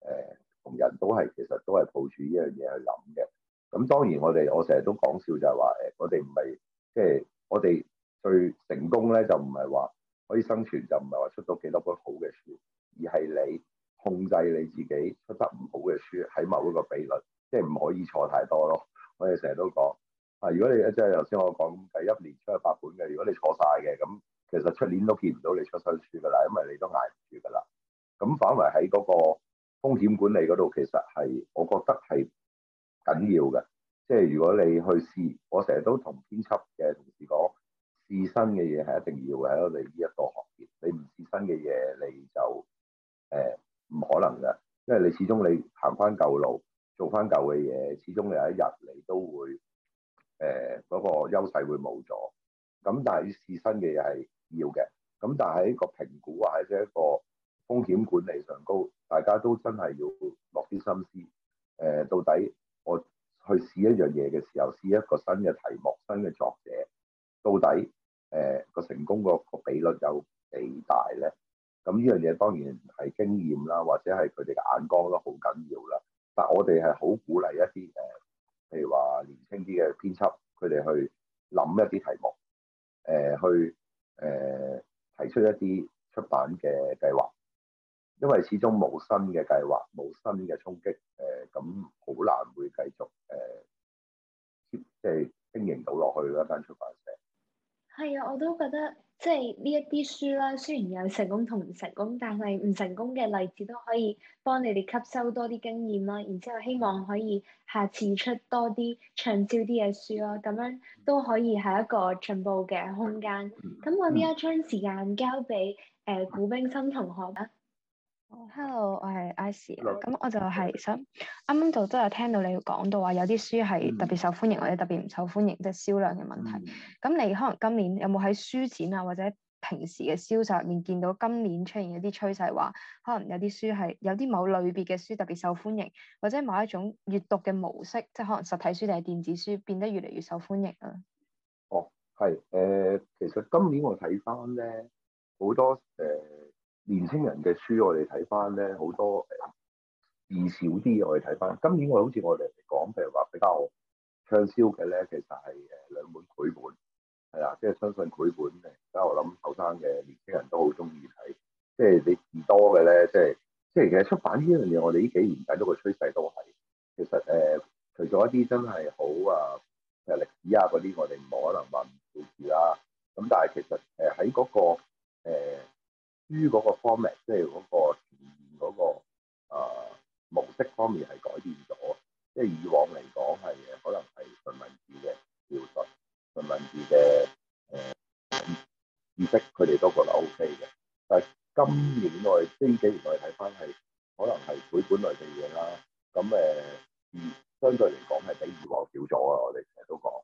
B: 呃、同人都係其實都係抱住呢樣嘢去諗嘅。咁當然我哋我成日都講笑就係話誒，我哋唔係即係我哋最成功咧，就唔係話可以生存，就唔係話出到幾多本好嘅書，而係你控制你自己出得唔好嘅書喺某一個比率，即係唔可以錯太多咯。我哋成日都講啊，如果你即係頭先我講咁計，一年出一百本嘅，如果你錯晒嘅咁，其實出年都見唔到你出新書㗎啦，因為你都捱唔住㗎啦。咁反為喺嗰個風險管理嗰度，其實係我覺得係緊要嘅，即係如果你去試，我成日都同編輯嘅同事講，試新嘅嘢係一定要嘅，喺我哋呢一個行業，你唔試新嘅嘢，你就誒唔、呃、可能嘅，因為你始終你行翻舊路，做翻舊嘅嘢，始終你有一日你都會誒嗰、呃個優勢會冇咗。咁但係試新嘅嘢係要嘅，咁但係喺個評估或者一個風險管理上高，大家都真係要落啲心思，誒、呃、到底。我去試一樣嘢嘅時候，試一個新嘅題目、新嘅作者，到底誒個、呃、成功個比率有幾大咧？咁呢樣嘢當然係經驗啦，或者係佢哋嘅眼光都好緊要啦。但我哋係好鼓勵一啲誒，呃、譬如話年輕啲嘅編輯，佢哋去諗一啲題目，誒、呃、去誒、呃、提出一啲出版嘅計劃。因為始終冇新嘅計劃，冇新嘅衝擊，誒咁好難會繼續誒、呃、即係經營到落去啦。一間出版社
A: 係啊，我都覺得即係呢一啲書啦，雖然有成功同唔成功，但係唔成功嘅例子都可以幫你哋吸收多啲經驗啦。然之後希望可以下次出多啲暢銷啲嘅書咯，咁樣都可以係一個進步嘅空間。咁、嗯、我呢一將時間交俾誒、嗯呃、古冰心同學啦。Hello，我係
D: Ice，咁我就係想，其實啱啱就都有聽到你講到話有啲書係特別受歡迎、嗯、或者特別唔受歡迎，即係銷量嘅問題。咁、嗯、你可能今年有冇喺書展啊或者平時嘅銷售入面見到今年出現一啲趨勢，話可能有啲書係有啲某類別嘅書特別受歡迎，或者某一種閱讀嘅模式，即係可能實體書定係電子書變得越嚟越受歡迎啊？哦，
B: 係，誒、呃，其實今年我睇翻咧，好多誒。年青人嘅書我、呃，我哋睇翻咧，好多誒字少啲，我哋睇翻。今年好我好似我哋講，譬如話比較暢銷嘅咧，其實係誒、呃、兩本繪本，係啊，即、就、係、是、相信繪本咧，而家我諗後生嘅年輕人都好中意睇，即、就、係、是、你字多嘅咧，即係即係其實出版呢樣嘢，我哋呢幾年睇到個趨勢都係，其實誒、呃、除咗一啲真係好啊誒歷史啊嗰啲，我哋無可能問字啦。咁但係其實誒喺嗰個、呃於嗰個 format，即係嗰個前面嗰個、呃、模式方面係改變咗，即係以往嚟講係可能係純文字嘅描述，純文字嘅誒、呃、意識，佢哋都覺得 OK 嘅。但係今年內，呢幾年內睇返係可能係繪本類嘅嘢啦，咁誒、呃、相對嚟講係比以往少咗啊！我哋成日都講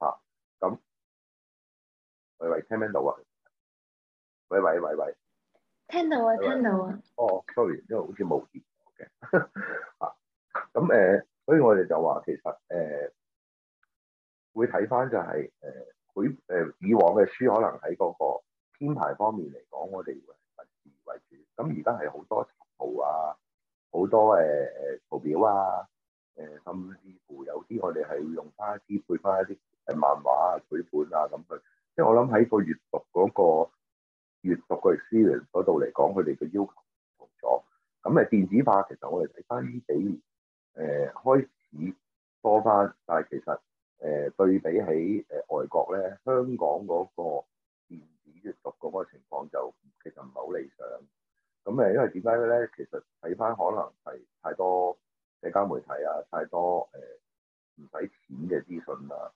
B: 吓，咁喂，喂，聽唔聽到啊？喂，喂，喂，喂！喂喂
A: 聽
B: 到啊，聽到啊。哦、oh，sorry，因為好似冇結果嘅。 啊，咁誒、呃，所以我哋就話其實誒、呃、會睇翻就係誒佢誒以往嘅書可能喺嗰個編排方面嚟講，我哋會係文字為主。咁而家係好多插圖啊，好多誒誒、呃、圖表啊，誒、呃、甚至乎有啲我哋係用翻啲配翻一啲誒漫畫啊、繪本啊咁去。即係我諗喺個閱讀嗰、那個。閲讀個 experience 嗰度嚟講，佢哋嘅要求唔同咗。咁誒電子化其實我哋睇翻呢幾年，誒、呃、開始多翻，但係其實誒、呃、對比起誒外國咧，香港嗰個電子閲讀嗰個情況就其實唔係好理想。咁誒因為點解咧？其實睇翻可能係太多社交媒體啊，太多誒唔使錢嘅資訊啊。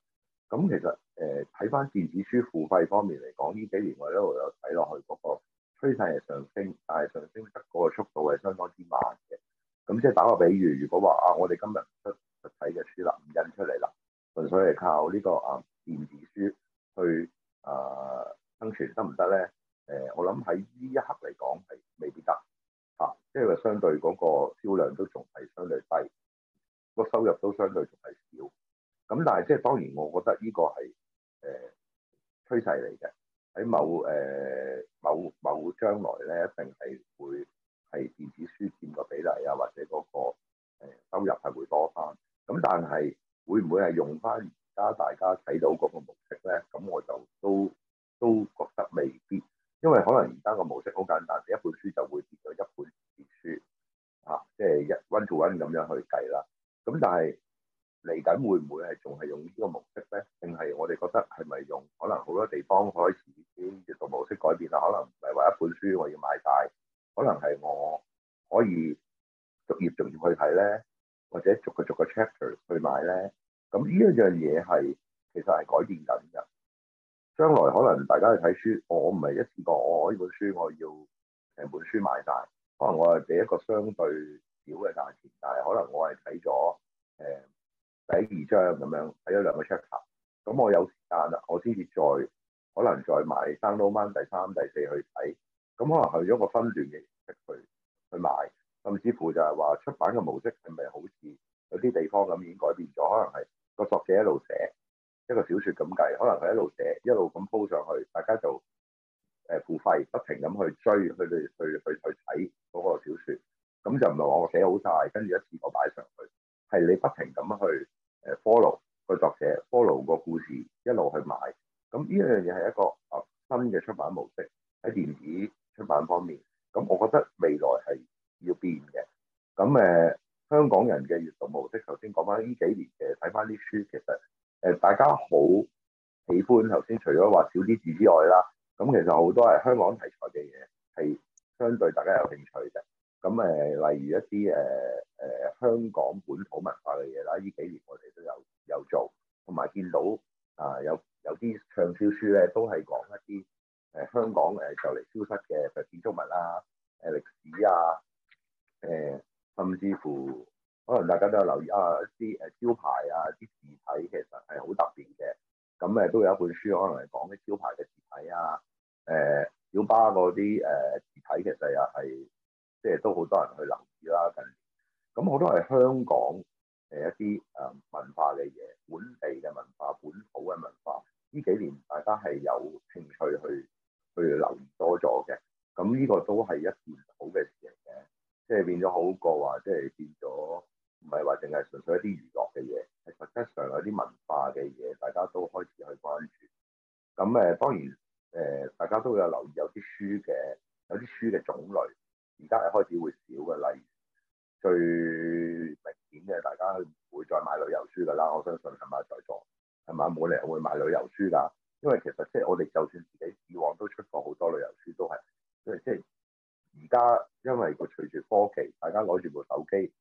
B: 咁、嗯、其實誒睇翻電子書付費方面嚟講，呢幾年我一路有睇落去嗰、嗰個趨勢係上升，但係上升得個速度係相當之慢嘅。咁即係打個比喻，如果話啊，我哋今日唔出實體嘅書啦，唔印出嚟啦，純粹係靠呢、呢個啊電子書去啊生存得唔得咧？誒、呃，我諗喺呢一刻嚟講係未必得嚇，即係話相對嗰個銷量都仲係相對低，個收入都相對仲係少。咁但係即係當然，我覺得呢個係誒、呃、趨勢嚟嘅。喺某誒、呃、某某將來咧，一定係會係電子書佔個比例啊，或者嗰、那個、呃、收入係會多翻。咁但係會唔會係用翻而家大家睇到嗰個模式咧？咁我就都都覺得未必，因為可能而家個模式好簡單，一本書就會跌咗一本電子書，即係一 one to one 咁樣去計啦。咁但係，嚟緊會唔會係仲係用呢個模式咧？定係我哋覺得係咪用可能好多地方開始已經叫做模式改變啦？可能唔係話一本書我要買曬，可能係我可以逐頁逐頁去睇咧，或者逐個逐個 chapter 去買咧。咁呢一樣嘢係其實係改變緊嘅。將來可能大家去睇書，我唔係一次過，我呢本書我要成本書買曬。可能我係俾一個相對少嘅價錢，但係可能我係睇咗誒。呃第二章咁樣睇咗兩個 chapter 咁我有時間啦，我先至再可能再買三到五第三第四去睇，咁可能去咗個分段嘅形式去去買，甚至乎就係話出版嘅模式係咪好似有啲地方咁已經改變咗？可能係個作者一路寫一個小説咁計，可能佢一路寫一路咁 po 上去，大家就誒付費不停咁去追去去去去睇嗰個小説，咁就唔係話我寫好晒，跟住一次我擺上去，係你不停咁去。follow 個作者，follow 個故事一路去買，咁呢樣嘢係一個啊新嘅出版模式喺電子出版方面。咁我覺得未來係要變嘅。咁誒、呃、香港人嘅閲讀模式，頭先講翻呢幾年嘅睇翻啲書，其實誒、呃、大家好喜歡頭先除咗話少啲字之外啦，咁其實好多係香港題材嘅嘢係相對大家有興趣嘅。咁誒、呃、例如一啲誒誒香港本土文化嘅嘢啦，呢幾年。做同埋見到啊，有有啲暢銷書咧，都係講一啲誒、呃、香港誒就嚟消失嘅建築物啦、啊、歷、呃、史啊、誒、呃、甚至乎可能大家都有留意啊，啲誒、啊、招牌啊、啲字體其實係好特別嘅。咁、嗯、誒、呃、都有一本書，可能係講啲招牌嘅字體啊、誒、呃、小巴嗰啲誒字體，其實又係即係都好多人去留意啦。近咁好、嗯嗯、多係香港。誒一啲誒文化嘅嘢，本地嘅文化、本土嘅文化，呢幾年大家係有興趣去去留意多咗嘅。咁呢個都係一件好嘅事嚟嘅，即係變咗好過話，即係變咗唔係話淨係純粹一啲娛樂嘅嘢，係實際上有啲文化嘅嘢，大家都開始去關注。咁誒當然誒、呃，大家都會有留意有啲書嘅，有啲書嘅種類，而家係開始會少嘅，例如最。即係大家唔會再買旅遊書㗎喇，我相信係咪在座係咪冇理由會買旅遊書㗎？因為其實即係我哋就算自己以往都出過好多旅遊書，都係即係即係而家因為佢隨住科技，大家攞住部手機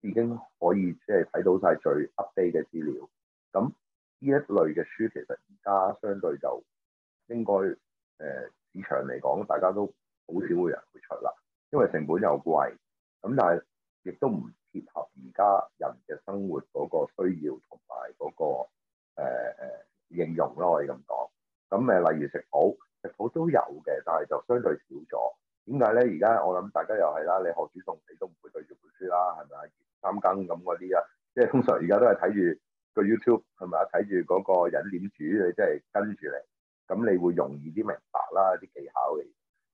B: 已經可以即係睇到晒最 update 嘅資料。咁呢一類嘅書其實而家相對就應該誒、呃、市場嚟講，大家都好少會有人會出啦，因為成本又貴。咁但係亦都唔結合而家人嘅生活嗰個需要同埋嗰個誒誒、呃、應用咯，可以咁講。咁、嗯、誒，例如食譜，食譜都有嘅，但係就相對少咗。點解咧？而家我諗大家又係啦，你學煮餸，你都唔會對住本書啦，係咪啊？三更咁嗰啲啊，即係通常而家都係睇住個 YouTube 係咪啊？睇住嗰個人點煮，你即係跟住嚟，咁你會容易啲明白啦啲技巧嚟。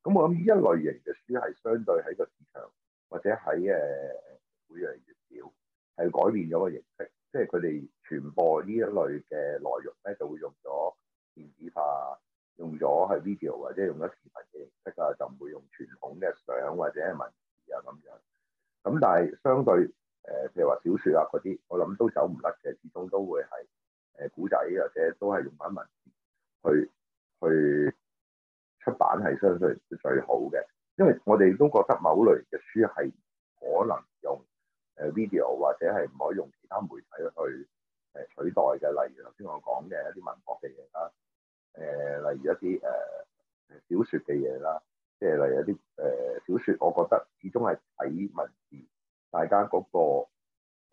B: 咁我諗呢一類型嘅書係相對喺個市場或者喺誒。呃越嚟越少，係改變咗個形式，即係佢哋傳播呢一類嘅內容咧，就會用咗電子化，用咗係 video 或者用咗視頻嘅形式啊，就唔會用傳統嘅相，或者係文字啊咁樣。咁但係相對誒、呃，譬如話小説啊嗰啲，我諗都走唔甩嘅，始終都會係誒古仔或者都係用返文字去去出版係相對最好嘅，因為我哋都覺得某類嘅書係可能用。誒 video 或者係唔可以用其他媒體去誒取代嘅，例如頭先我講嘅一啲文學嘅嘢啦，誒、呃、例如一啲誒、呃、小説嘅嘢啦，即係例如一啲誒、呃、小説，我覺得始終係睇文字，大家嗰個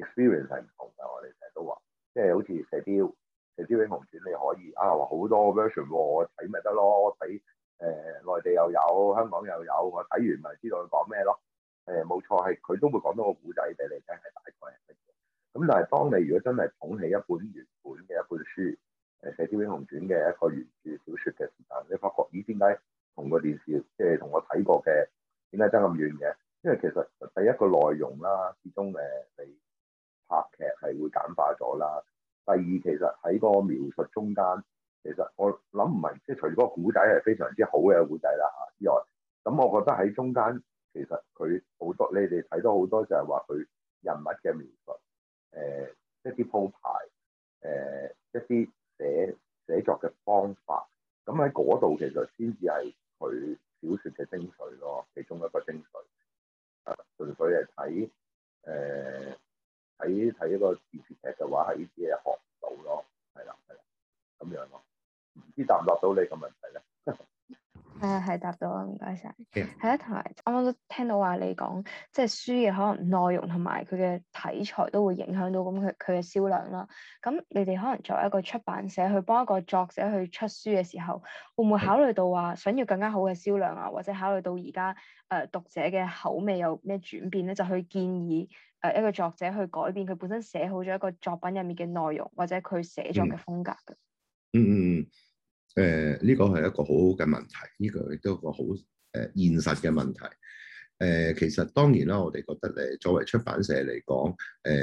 B: experience 係唔同嘅。我哋成日都話，即係好似《射雕射雕英雄傳》，你可以啊話好多 version，我睇咪得咯，睇誒內地又有，香港又有，我睇完咪知道佢講咩咯。誒冇錯，係佢都會講到個古仔俾你聽，係大概係乜嘢。咁但係當你如果真係捧起一本原本嘅一本書，誒、嗯《射雕英雄傳》嘅一個原著小説嘅時間，你發覺咦，點解同個電視即係同我睇過嘅點解爭咁遠嘅？因為其實第一個內容啦，始終誒你拍劇係會簡化咗啦。第二其實喺個描述中間，其實我諗唔係即係除咗個古仔係非常之好嘅古仔啦嚇之外，咁我覺得喺中間。其實佢好多你哋睇到好多就係話佢人物嘅描述，誒、呃，一啲鋪排，誒、呃，一啲寫寫作嘅方法，咁喺嗰度其實先至係佢小説嘅精髓咯，其中一個精髓。啊，純粹係睇誒睇睇一個電視劇嘅話，喺呢啲嘢學唔到咯，係啦係啦，咁樣咯，唔知答唔答到你個問題咧？
D: 係係答到，唔該晒，係啦，同埋啱啱都聽到話你講，即係書嘅可能內容同埋佢嘅題材都會影響到咁佢佢嘅銷量啦。咁你哋可能作為一個出版社去幫一個作者去出書嘅時候，會唔會考慮到話想要更加好嘅銷量啊？的或者考慮到而家誒讀者嘅口味有咩轉變咧，就去建議誒、呃、一個作者去改變佢本身寫好咗一個作品入面嘅內容，或者佢寫作嘅風格嘅、嗯。嗯嗯
C: 嗯。嗯誒，呢個係一個好好嘅問題，呢個亦都係個好誒現實嘅問題。誒、呃，其實當然啦，我哋覺得誒，你作為出版社嚟講，誒、呃，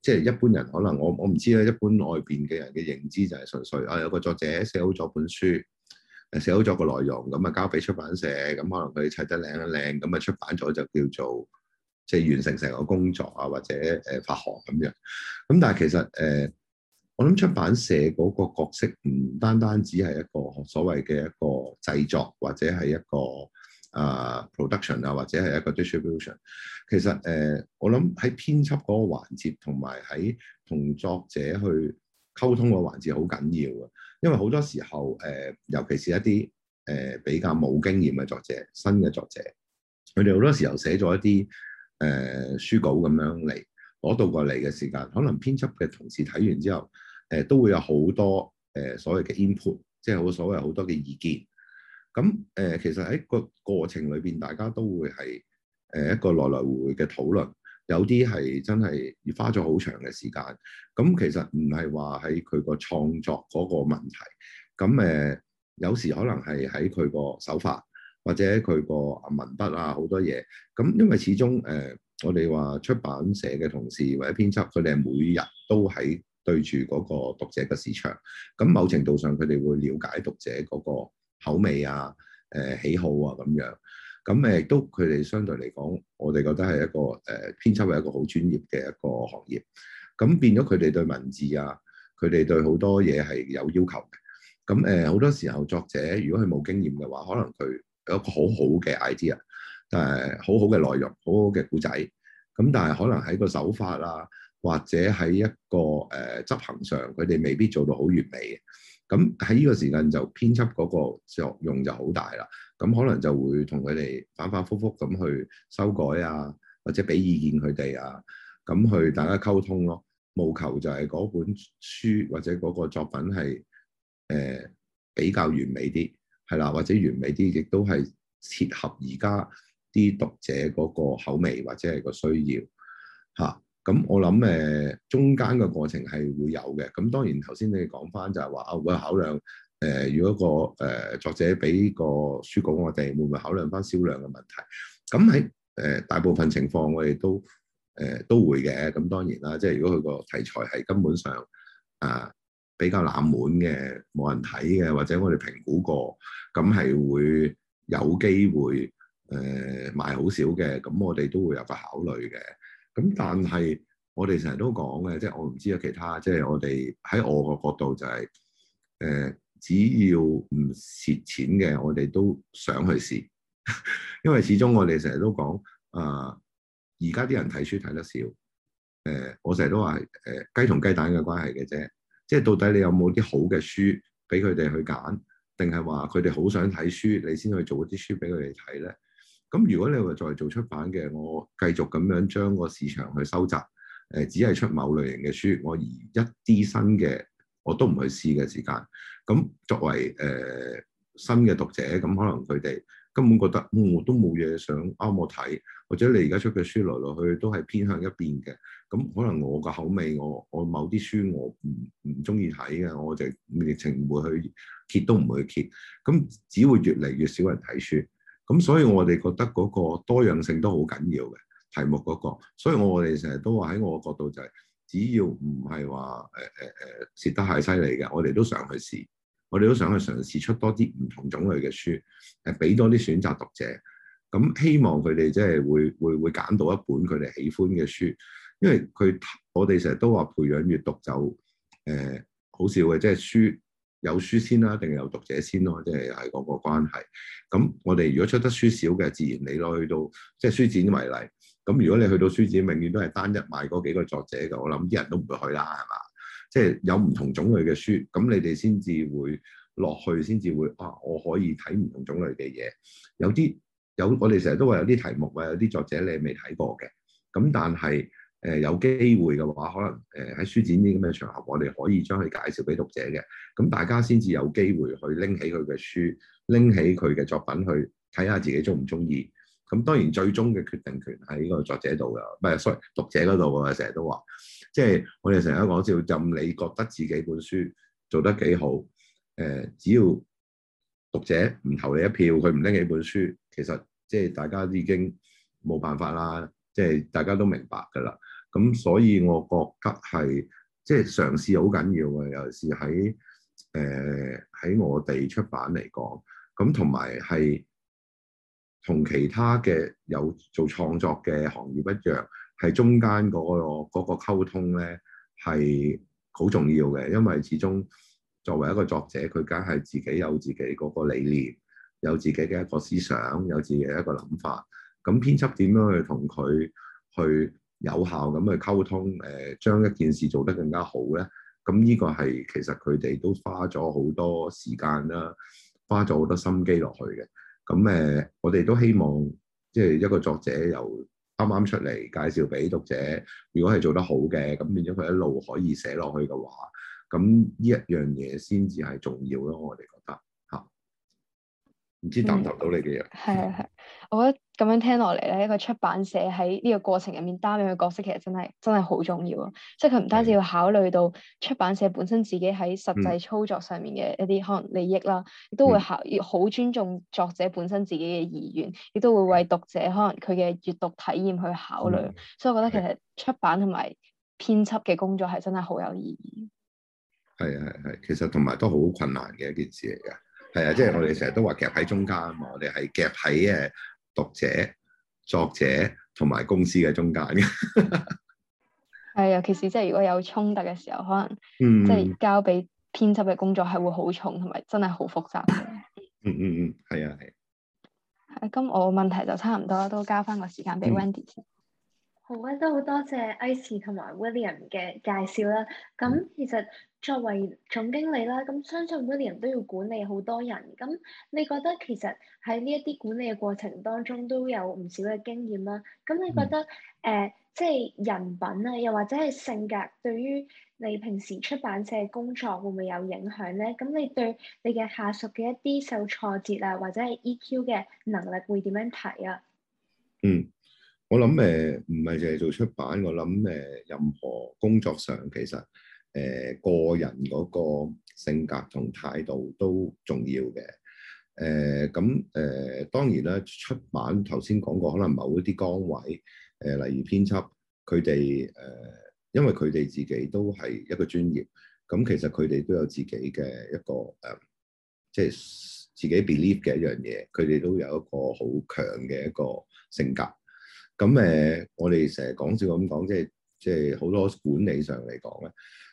C: 即係一般人可能我我唔知咧，一般外邊嘅人嘅認知就係純粹啊，有個作者寫好咗本書，誒、呃，寫好咗個內容，咁啊交俾出版社，咁可能佢砌得靚靚啊，咁啊出版咗就叫做即係完成成個工作啊，或者誒發行咁樣。咁但係其實誒。呃我諗出版社嗰個角色唔單單只係一個所謂嘅一個製作或者係一個啊 production 啊或者係一個 distribution，其實誒、呃、我諗喺編輯嗰個環節同埋喺同作者去溝通個環節好緊要嘅，因為好多時候誒、呃、尤其是一啲誒、呃、比較冇經驗嘅作者，新嘅作者，佢哋好多時候寫咗一啲誒、呃、書稿咁樣嚟攞到過嚟嘅時間，可能編輯嘅同事睇完之後。誒都會有好多誒所謂嘅 input，即係好所謂好多嘅意見。咁誒、呃、其實喺個過程裏邊，大家都會係誒一個來來回回嘅討論。有啲係真係花咗好長嘅時間。咁其實唔係話喺佢個創作嗰個問題。咁誒、呃、有時可能係喺佢個手法或者佢個文筆啊，好多嘢。咁因為始終誒、呃、我哋話出版社嘅同事或者編輯，佢哋每日都喺。對住嗰個讀者嘅市場，咁某程度上佢哋會了解讀者嗰個口味啊、誒、呃、喜好啊咁樣，咁亦都佢哋相對嚟講，我哋覺得係一個誒、呃、編輯係一個好專業嘅一個行業，咁變咗佢哋對文字啊，佢哋對好多嘢係有要求嘅，咁誒好多時候作者如果佢冇經驗嘅話，可能佢有一個好好嘅 idea，但係好好嘅內容、好好嘅故仔，咁但係可能喺個手法啊。或者喺一個誒、呃、執行上，佢哋未必做到好完美嘅。咁喺呢個時間就編輯嗰個作用就好大啦。咁可能就會同佢哋反反覆覆咁去修改啊，或者俾意見佢哋啊，咁去大家溝通咯。務求就係嗰本書或者嗰個作品係誒、呃、比較完美啲，係啦，或者完美啲，亦都係切合而家啲讀者嗰個口味或者係個需要嚇。咁我諗誒，中間嘅過程係會有嘅。咁當然頭先你講翻就係話啊，會考量誒、呃，如果個誒、呃、作者俾個書稿我哋，會唔會考量翻銷量嘅問題？咁喺誒大部分情況，我哋都誒都會嘅。咁當然啦，即係如果佢個題材係根本上啊比較冷門嘅，冇人睇嘅，或者我哋評估過，咁係會有機會誒、呃、賣好少嘅。咁我哋都會有個考慮嘅。咁但係我哋成日都講嘅，即係我唔知有其他，即係我哋喺我個角度就係、是、誒、呃，只要唔蝕錢嘅，我哋都想去試， 因為始終我哋成日都講啊，而家啲人睇書睇得少，誒、呃，我成日都話係誒雞同雞蛋嘅關係嘅啫，即係到底你有冇啲好嘅書俾佢哋去揀，定係話佢哋好想睇書，你先去做啲書俾佢哋睇咧？咁如果你話作為做出版嘅，我繼續咁樣將個市場去收集，誒、呃，只係出某類型嘅書，我而一啲新嘅我都唔去試嘅時間。咁、嗯、作為誒、呃、新嘅讀者，咁、嗯、可能佢哋根本覺得，嗯，我都冇嘢想啱、啊、我睇，或者你而家出嘅書來來去去都係偏向一邊嘅，咁、嗯、可能我個口味，我我某啲書我唔唔中意睇嘅，我就直情唔會去揭，都唔會去揭，咁、嗯、只會越嚟越少人睇書。咁、嗯、所以，我哋覺得嗰個多樣性都好緊要嘅題目嗰個，所以我哋成日都話喺我個角度就係，只要唔係話誒誒誒蝕得太犀利嘅，我哋都想去試，我哋都想去嘗試出多啲唔同種類嘅書，誒俾多啲選擇讀者，咁希望佢哋即係會會會揀到一本佢哋喜歡嘅書，因為佢我哋成日都話培養閱讀就誒、呃、好少嘅，即係書。有書先啦，定有讀者先咯，即係係嗰個關係。咁我哋如果出得書少嘅，自然你咯，去到即係、就是、書展為例。咁如果你去到書展，永遠都係單一賣嗰幾個作者嘅，我諗啲人都唔會去啦，係嘛？即、就、係、是、有唔同種類嘅書，咁你哋先至會落去會，先至會啊，我可以睇唔同種類嘅嘢。有啲有我哋成日都話有啲題目啊，有啲作者你未睇過嘅，咁但係。誒有機會嘅話，可能誒喺書展呢啲咁嘅場合，我哋可以將佢介紹俾讀者嘅，咁大家先至有機會去拎起佢嘅書，拎起佢嘅作品去睇下自己中唔中意。咁當然最終嘅決定權喺個作者度嘅，唔係，sorry，讀者嗰度喎，成日都話，即係我哋成日講笑，任你覺得自己本書做得幾好，誒，只要讀者唔投你一票，佢唔拎起本書，其實即係大家已經冇辦法啦，即係大家都明白㗎啦。咁所以我覺得係即係嘗試好緊要嘅，尤其是喺誒喺我哋出版嚟講，咁同埋係同其他嘅有做創作嘅行業一樣，係中間嗰個嗰個溝通咧係好重要嘅，因為始終作為一個作者，佢梗係自己有自己嗰個理念，有自己嘅一個思想，有自己嘅一個諗法。咁編輯點樣去同佢去？有效咁去溝通，誒將一件事做得更加好咧，咁呢個係其實佢哋都花咗好多時間啦，花咗好多心機落去嘅。咁誒，我哋都希望即係、就是、一個作者由啱啱出嚟介紹俾讀者，如果係做得好嘅，咁變咗佢一路可以寫落去嘅話，咁呢一樣嘢先至係重要咯，我哋。唔知答唔答到你嘅人，
D: 係、嗯、啊係、啊，我覺得咁樣聽落嚟咧，一個出版社喺呢個過程入面擔任嘅角色，其實真係真係好重要咯、啊。即係佢唔單止要考慮到出版社本身自己喺實際操作上面嘅一啲可能利益啦，亦都會考要好、嗯、尊重作者本身自己嘅意願，亦都會為讀者可能佢嘅閱讀體驗去考慮。嗯、所以我覺得其實出版同埋編輯嘅工作係真係好有意義。
C: 係啊係係、啊啊，其實同埋都好困難嘅一件事嚟噶。係啊，即係我哋成日都話夾喺中間啊嘛，我哋係夾喺誒讀者、作者同埋公司嘅中間
D: 嘅。係、 啊，尤其是即係如果有衝突嘅時候，可能即係交俾編輯嘅工作係會好重，同埋真係好複雜嘅。嗯嗯嗯，
C: 係啊係。
D: 係、啊，咁、啊、我問題就差唔多，都交翻個時間俾 Wendy 先。嗯
A: 好啊，都好多謝 Ice 同埋 William 嘅介紹啦。咁其實作為總經理啦，咁相信 William 都要管理好多人。咁你覺得其實喺呢一啲管理嘅過程當中都有唔少嘅經驗啦。咁你覺得誒、嗯呃，即係人品啊，又或者係性格，對於你平時出版社嘅工作會唔會有影響咧？咁你對你嘅下屬嘅一啲受挫折啊，或者係 EQ 嘅能力會點樣睇啊？嗯。
C: 我諗誒，唔係淨係做出版。我諗誒、呃，任何工作上其實誒、呃、個人嗰個性格同態度都重要嘅誒。咁、呃、誒、呃，當然啦，出版頭先講過，可能某一啲崗位誒、呃，例如編輯，佢哋誒，因為佢哋自己都係一個專業，咁其實佢哋都有自己嘅一個誒、呃，即係自己 believe 嘅一樣嘢。佢哋都有一個好強嘅一個性格。咁誒，我哋成日講笑咁講，即係即係好多管理上嚟講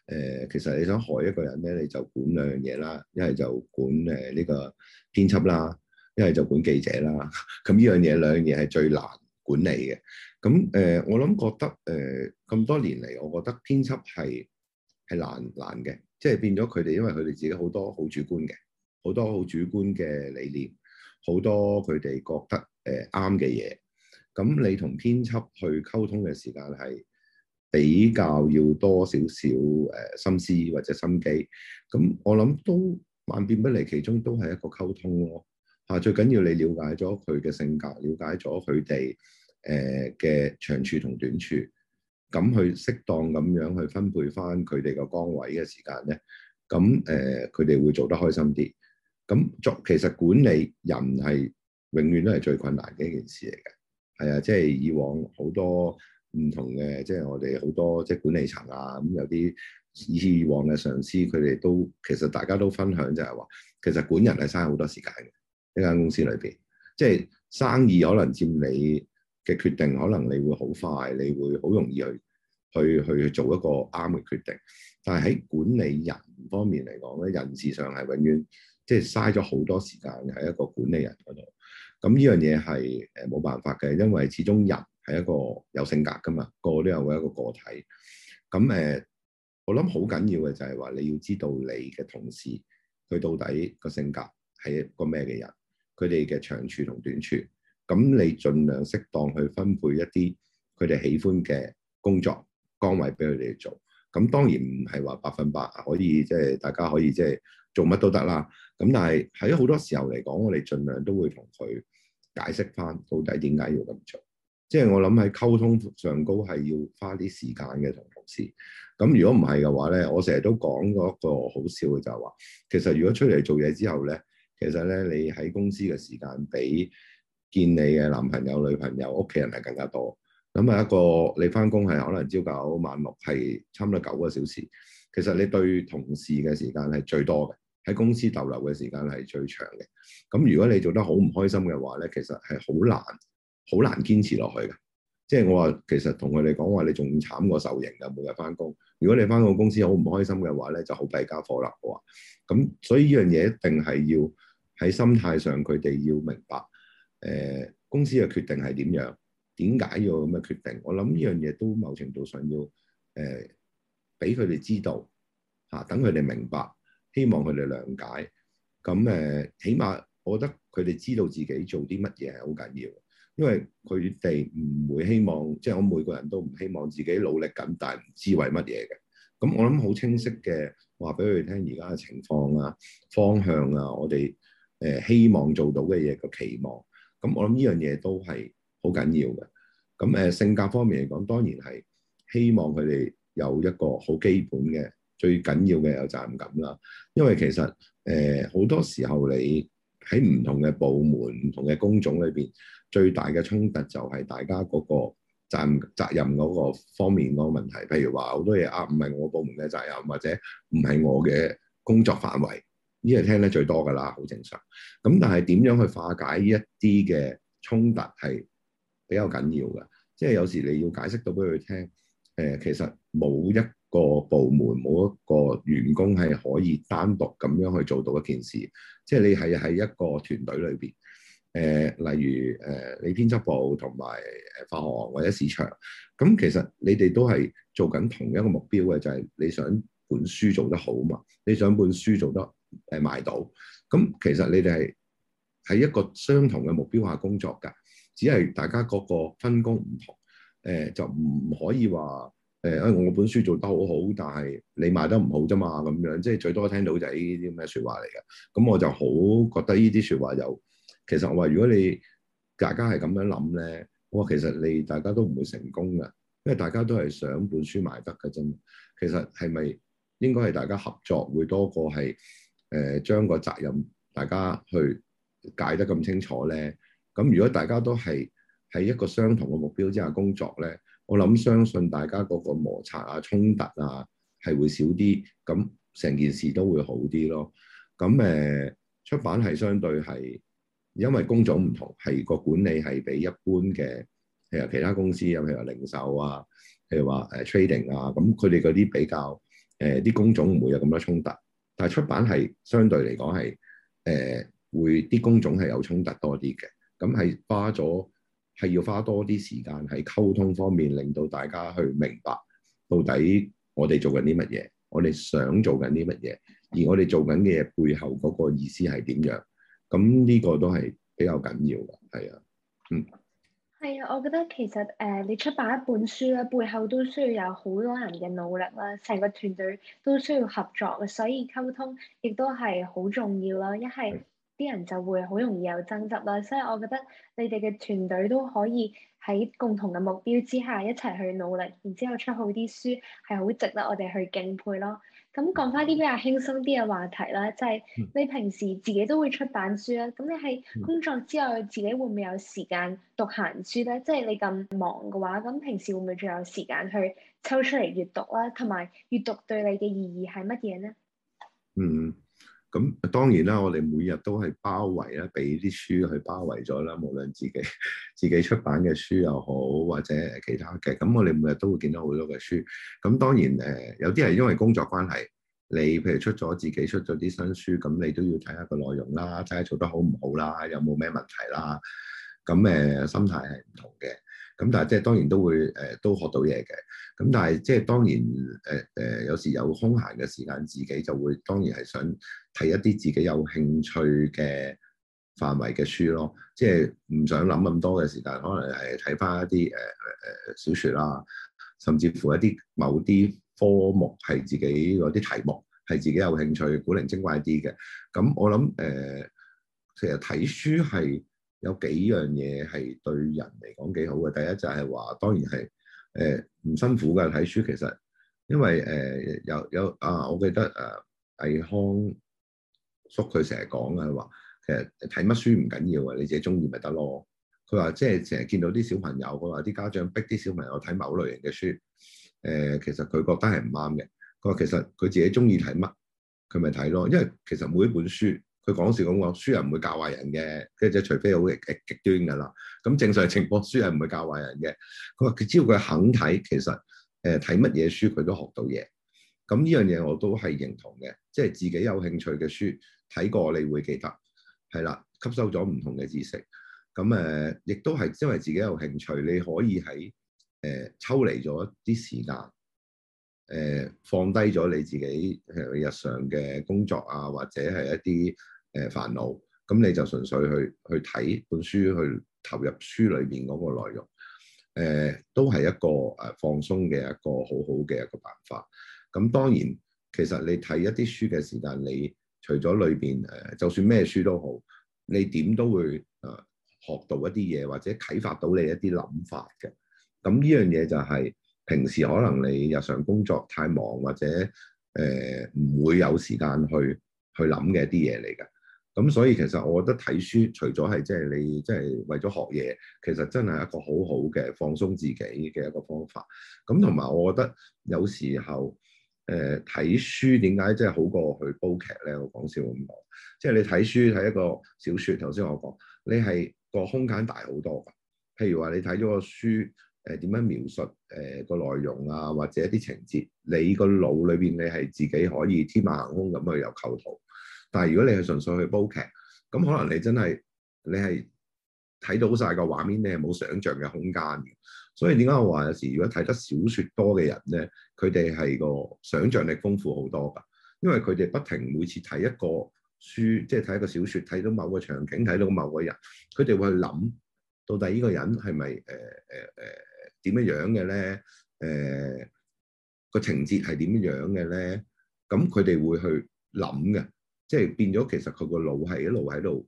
C: 咧，誒，其實你想害一個人咧，你就管兩樣嘢啦，一係就管誒呢個編輯啦，一係就管記者啦。咁呢樣嘢兩樣嘢係最難管理嘅。咁誒，我諗覺得誒咁多年嚟，我覺得編輯係係難難嘅，即係變咗佢哋，因為佢哋自己好多好主觀嘅，好多好主觀嘅理念，好多佢哋覺得誒啱嘅嘢。咁你同編輯去溝通嘅時間係比較要多少少誒、呃、心思或者心機。咁我諗都萬變不離其中，都係一個溝通咯嚇、啊。最緊要你了解咗佢嘅性格，了解咗佢哋誒嘅長處同短處，咁去適當咁樣去分配返佢哋個崗位嘅時間咧，咁誒佢哋會做得開心啲。咁作其實管理人係永遠都係最困難嘅一件事嚟嘅。係即係以往好多唔同嘅，即係我哋好多即係管理層啊，咁有啲以往嘅上司，佢哋都其實大家都分享就係話，其實管人係嘥好多時間嘅，呢間公司裏邊，即係生意可能佔你嘅決定，可能你會好快，你會好容易去去去做一個啱嘅決定，但係喺管理人方面嚟講咧，人事上係永遠即係嘥咗好多時間嘅，喺一個管理人嗰度。咁呢樣嘢係誒冇辦法嘅，因為始終人係一個有性格噶嘛，個個都有一個個體。咁誒，我諗好緊要嘅就係話，你要知道你嘅同事佢到底個性格係一個咩嘅人，佢哋嘅長處同短處。咁你儘量適當去分配一啲佢哋喜歡嘅工作崗位俾佢哋做。咁當然唔係話百分百可以即係大家可以即係做乜都得啦。咁但係喺好多時候嚟講，我哋儘量都會同佢解釋翻到底點解要咁做，即係我諗喺溝通上高係要花啲時間嘅同同事。咁如果唔係嘅話咧，我成日都講過一個好笑嘅就係話，其實如果出嚟做嘢之後咧，其實咧你喺公司嘅時間比見你嘅男朋友、女朋友、屋企人係更加多。咁啊一個你翻工係可能朝九晚六係差唔多九個小時，其實你對同事嘅時間係最多嘅。喺公司逗留嘅時間係最長嘅。咁如果你做得好唔開心嘅話咧，其實係好難、好難堅持落去嘅。即係我話其實同佢哋講話，你仲慘過受刑㗎，每日翻工。如果你翻到公司好唔開心嘅話咧，就好弊家伙啦喎。咁所以呢樣嘢一定係要喺心態上，佢哋要明白，誒、呃、公司嘅決定係點樣，點解要咁嘅決定。我諗呢樣嘢都某程度上要誒俾佢哋知道嚇，等佢哋明白。希望佢哋諒解，咁誒，起碼我覺得佢哋知道自己做啲乜嘢係好緊要，因為佢哋唔會希望，即係我每個人都唔希望自己努力緊，但係唔知為乜嘢嘅。咁我諗好清晰嘅話俾佢聽，而家嘅情況啊、方向啊，我哋誒希望做到嘅嘢個期望，咁我諗呢樣嘢都係好緊要嘅。咁誒性格方面嚟講，當然係希望佢哋有一個好基本嘅。最緊要嘅有責任感啦，因為其實誒好多時候你喺唔同嘅部門、唔同嘅工種裏邊，最大嘅衝突就係大家嗰個責任、責任嗰個方面嗰個問題。譬如話好多嘢啊，唔係我部門嘅責任，或者唔係我嘅工作範圍，呢、這個聽得最多噶啦，好正常。咁但係點樣去化解一啲嘅衝突係比較緊要嘅，即係有時你要解釋到俾佢聽，誒、呃、其實冇一。個部門冇一個員工係可以單獨咁樣去做到一件事，即係你係喺一個團隊裏邊，誒、呃，例如誒、呃，你編輯部同埋誒發行或者市場，咁其實你哋都係做緊同一個目標嘅，就係、是、你想本書做得好啊嘛，你想本書做得誒賣、呃、到，咁其實你哋係喺一個相同嘅目標下工作㗎，只係大家各個分工唔同，誒、呃、就唔可以話。誒、哎，我本書做得好好，但係你賣得唔好咋嘛？咁樣即係最多聽到就係呢啲咩説話嚟嘅。咁我就好覺得呢啲説話就其實我話，如果你大家係咁樣諗咧，我話其實你大家都唔會成功噶，因為大家都係想本書賣得噶咋嘛。其實係咪應該係大家合作會多過係誒、呃、將個責任大家去解得咁清楚咧？咁如果大家都係喺一個相同嘅目標之下工作咧，我諗相信大家嗰個摩擦啊、衝突啊係會少啲，咁成件事都會好啲咯。咁誒、呃、出版係相對係，因為工種唔同，係個管理係比一般嘅譬如話其他公司，又譬如話零售啊，譬如話誒 trading 啊，咁佢哋嗰啲比較誒啲、呃、工種唔會有咁多衝突，但係出版係相對嚟講係誒會啲工種係有衝突多啲嘅，咁係花咗。係要花多啲時間喺溝通方面，令到大家去明白到底我哋做緊啲乜嘢，我哋想做緊啲乜嘢，而我哋做緊嘅背後嗰個意思係點樣？咁呢個都係比較緊要嘅，係啊，嗯，
A: 係啊，我覺得其實誒、呃，你出版一本書咧，背後都需要有好多人嘅努力啦，成個團隊都需要合作嘅。所以溝通亦都係好重要啦，一係啲人就會好容易有爭執啦，所以我覺得你哋嘅團隊都可以喺共同嘅目標之下一齊去努力，然之後出好啲書係好值得我哋去敬佩咯。咁講翻啲比較輕鬆啲嘅話題啦，就係你平時自己都會出版書啦，咁你係工作之後自己會唔會有時間讀閒書咧？即係你咁忙嘅話，咁平時會唔會仲有時間去抽出嚟閱讀啦？同埋閱讀對你嘅意義係乜嘢呢？嗯。
C: 咁當然啦，我哋每日都係包圍啦，畀啲書去包圍咗啦。無論自己自己出版嘅書又好，或者其他嘅，咁我哋每日都會見到好多嘅書。咁當然誒，有啲係因為工作關係，你譬如出咗自己出咗啲新書，咁你都要睇下個內容啦，睇下做得好唔好啦，有冇咩問題啦。咁誒，心態係唔同嘅。咁但係即係當然都會誒、呃、都學到嘢嘅，咁但係即係當然誒誒、呃呃、有時有空閒嘅時間，自己就會當然係想睇一啲自己有興趣嘅範圍嘅書咯，即係唔想諗咁多嘅時間，但可能係睇返一啲誒誒小説啦，甚至乎一啲某啲科目係自己嗰啲題目係自己有興趣、古靈精怪啲嘅。咁我諗誒、呃，其實睇書係。有幾樣嘢係對人嚟講幾好嘅，第一就係話當然係誒唔辛苦㗎，睇書，其實因為誒、呃、有有啊，我記得誒魏、呃、康叔佢成日講啊佢話，其實睇乜書唔緊要啊，你自己中意咪得咯。佢話即係成日見到啲小朋友，佢話啲家長逼啲小朋友睇某類型嘅書，誒、呃、其實佢覺得係唔啱嘅。佢話其實佢自己中意睇乜，佢咪睇咯，因為其實每一本書。佢講笑咁講，說說書係唔會教壞人嘅，即係除非好極極端㗎啦。咁正常情況，書係唔會教壞人嘅。佢話佢只要佢肯睇，其實誒睇乜嘢書佢都學到嘢。咁呢樣嘢我都係認同嘅，即係自己有興趣嘅書睇過，你會記得係啦，吸收咗唔同嘅知識。咁誒、呃，亦都係因為自己有興趣，你可以喺誒、呃、抽離咗啲時間，誒、呃、放低咗你自己日常嘅工作啊，或者係一啲。誒煩惱，咁你就純粹去去睇本書，去投入書裏邊嗰個內容，誒、呃、都係一個誒放鬆嘅一個好好嘅一個辦法。咁當然，其實你睇一啲書嘅時間，你除咗裏邊誒，就算咩書都好，你點都會誒、呃、學到一啲嘢，或者啟發到你一啲諗法嘅。咁呢樣嘢就係平時可能你日常工作太忙或者誒唔、呃、會有時間去去諗嘅一啲嘢嚟嘅。咁所以其實我覺得睇書除咗係即係你即係為咗學嘢，其實真係一個好好嘅放鬆自己嘅一個方法。咁同埋我覺得有時候誒、呃、睇書點解即係好過去煲劇咧？我講笑咁講，即係你睇書睇一個小説，頭先我講你係個空間大好多㗎。譬如話你睇咗個書誒、呃、點樣描述誒個內容啊，或者啲情節，你個腦裏邊你係自己可以天馬行空咁去有構圖。但係如果你係純粹去煲劇，咁可能你真係你係睇到晒個畫面，你係冇想像嘅空間嘅。所以點解我話有時如果睇得小説多嘅人咧，佢哋係個想像力豐富好多㗎。因為佢哋不停每次睇一個書，即係睇一個小説，睇到某個場景，睇到某個人，佢哋會去諗到底呢個人係咪誒誒誒點樣樣嘅咧？誒、呃、個情節係點樣樣嘅咧？咁佢哋會去諗嘅。即係變咗，其實佢個腦係一路喺度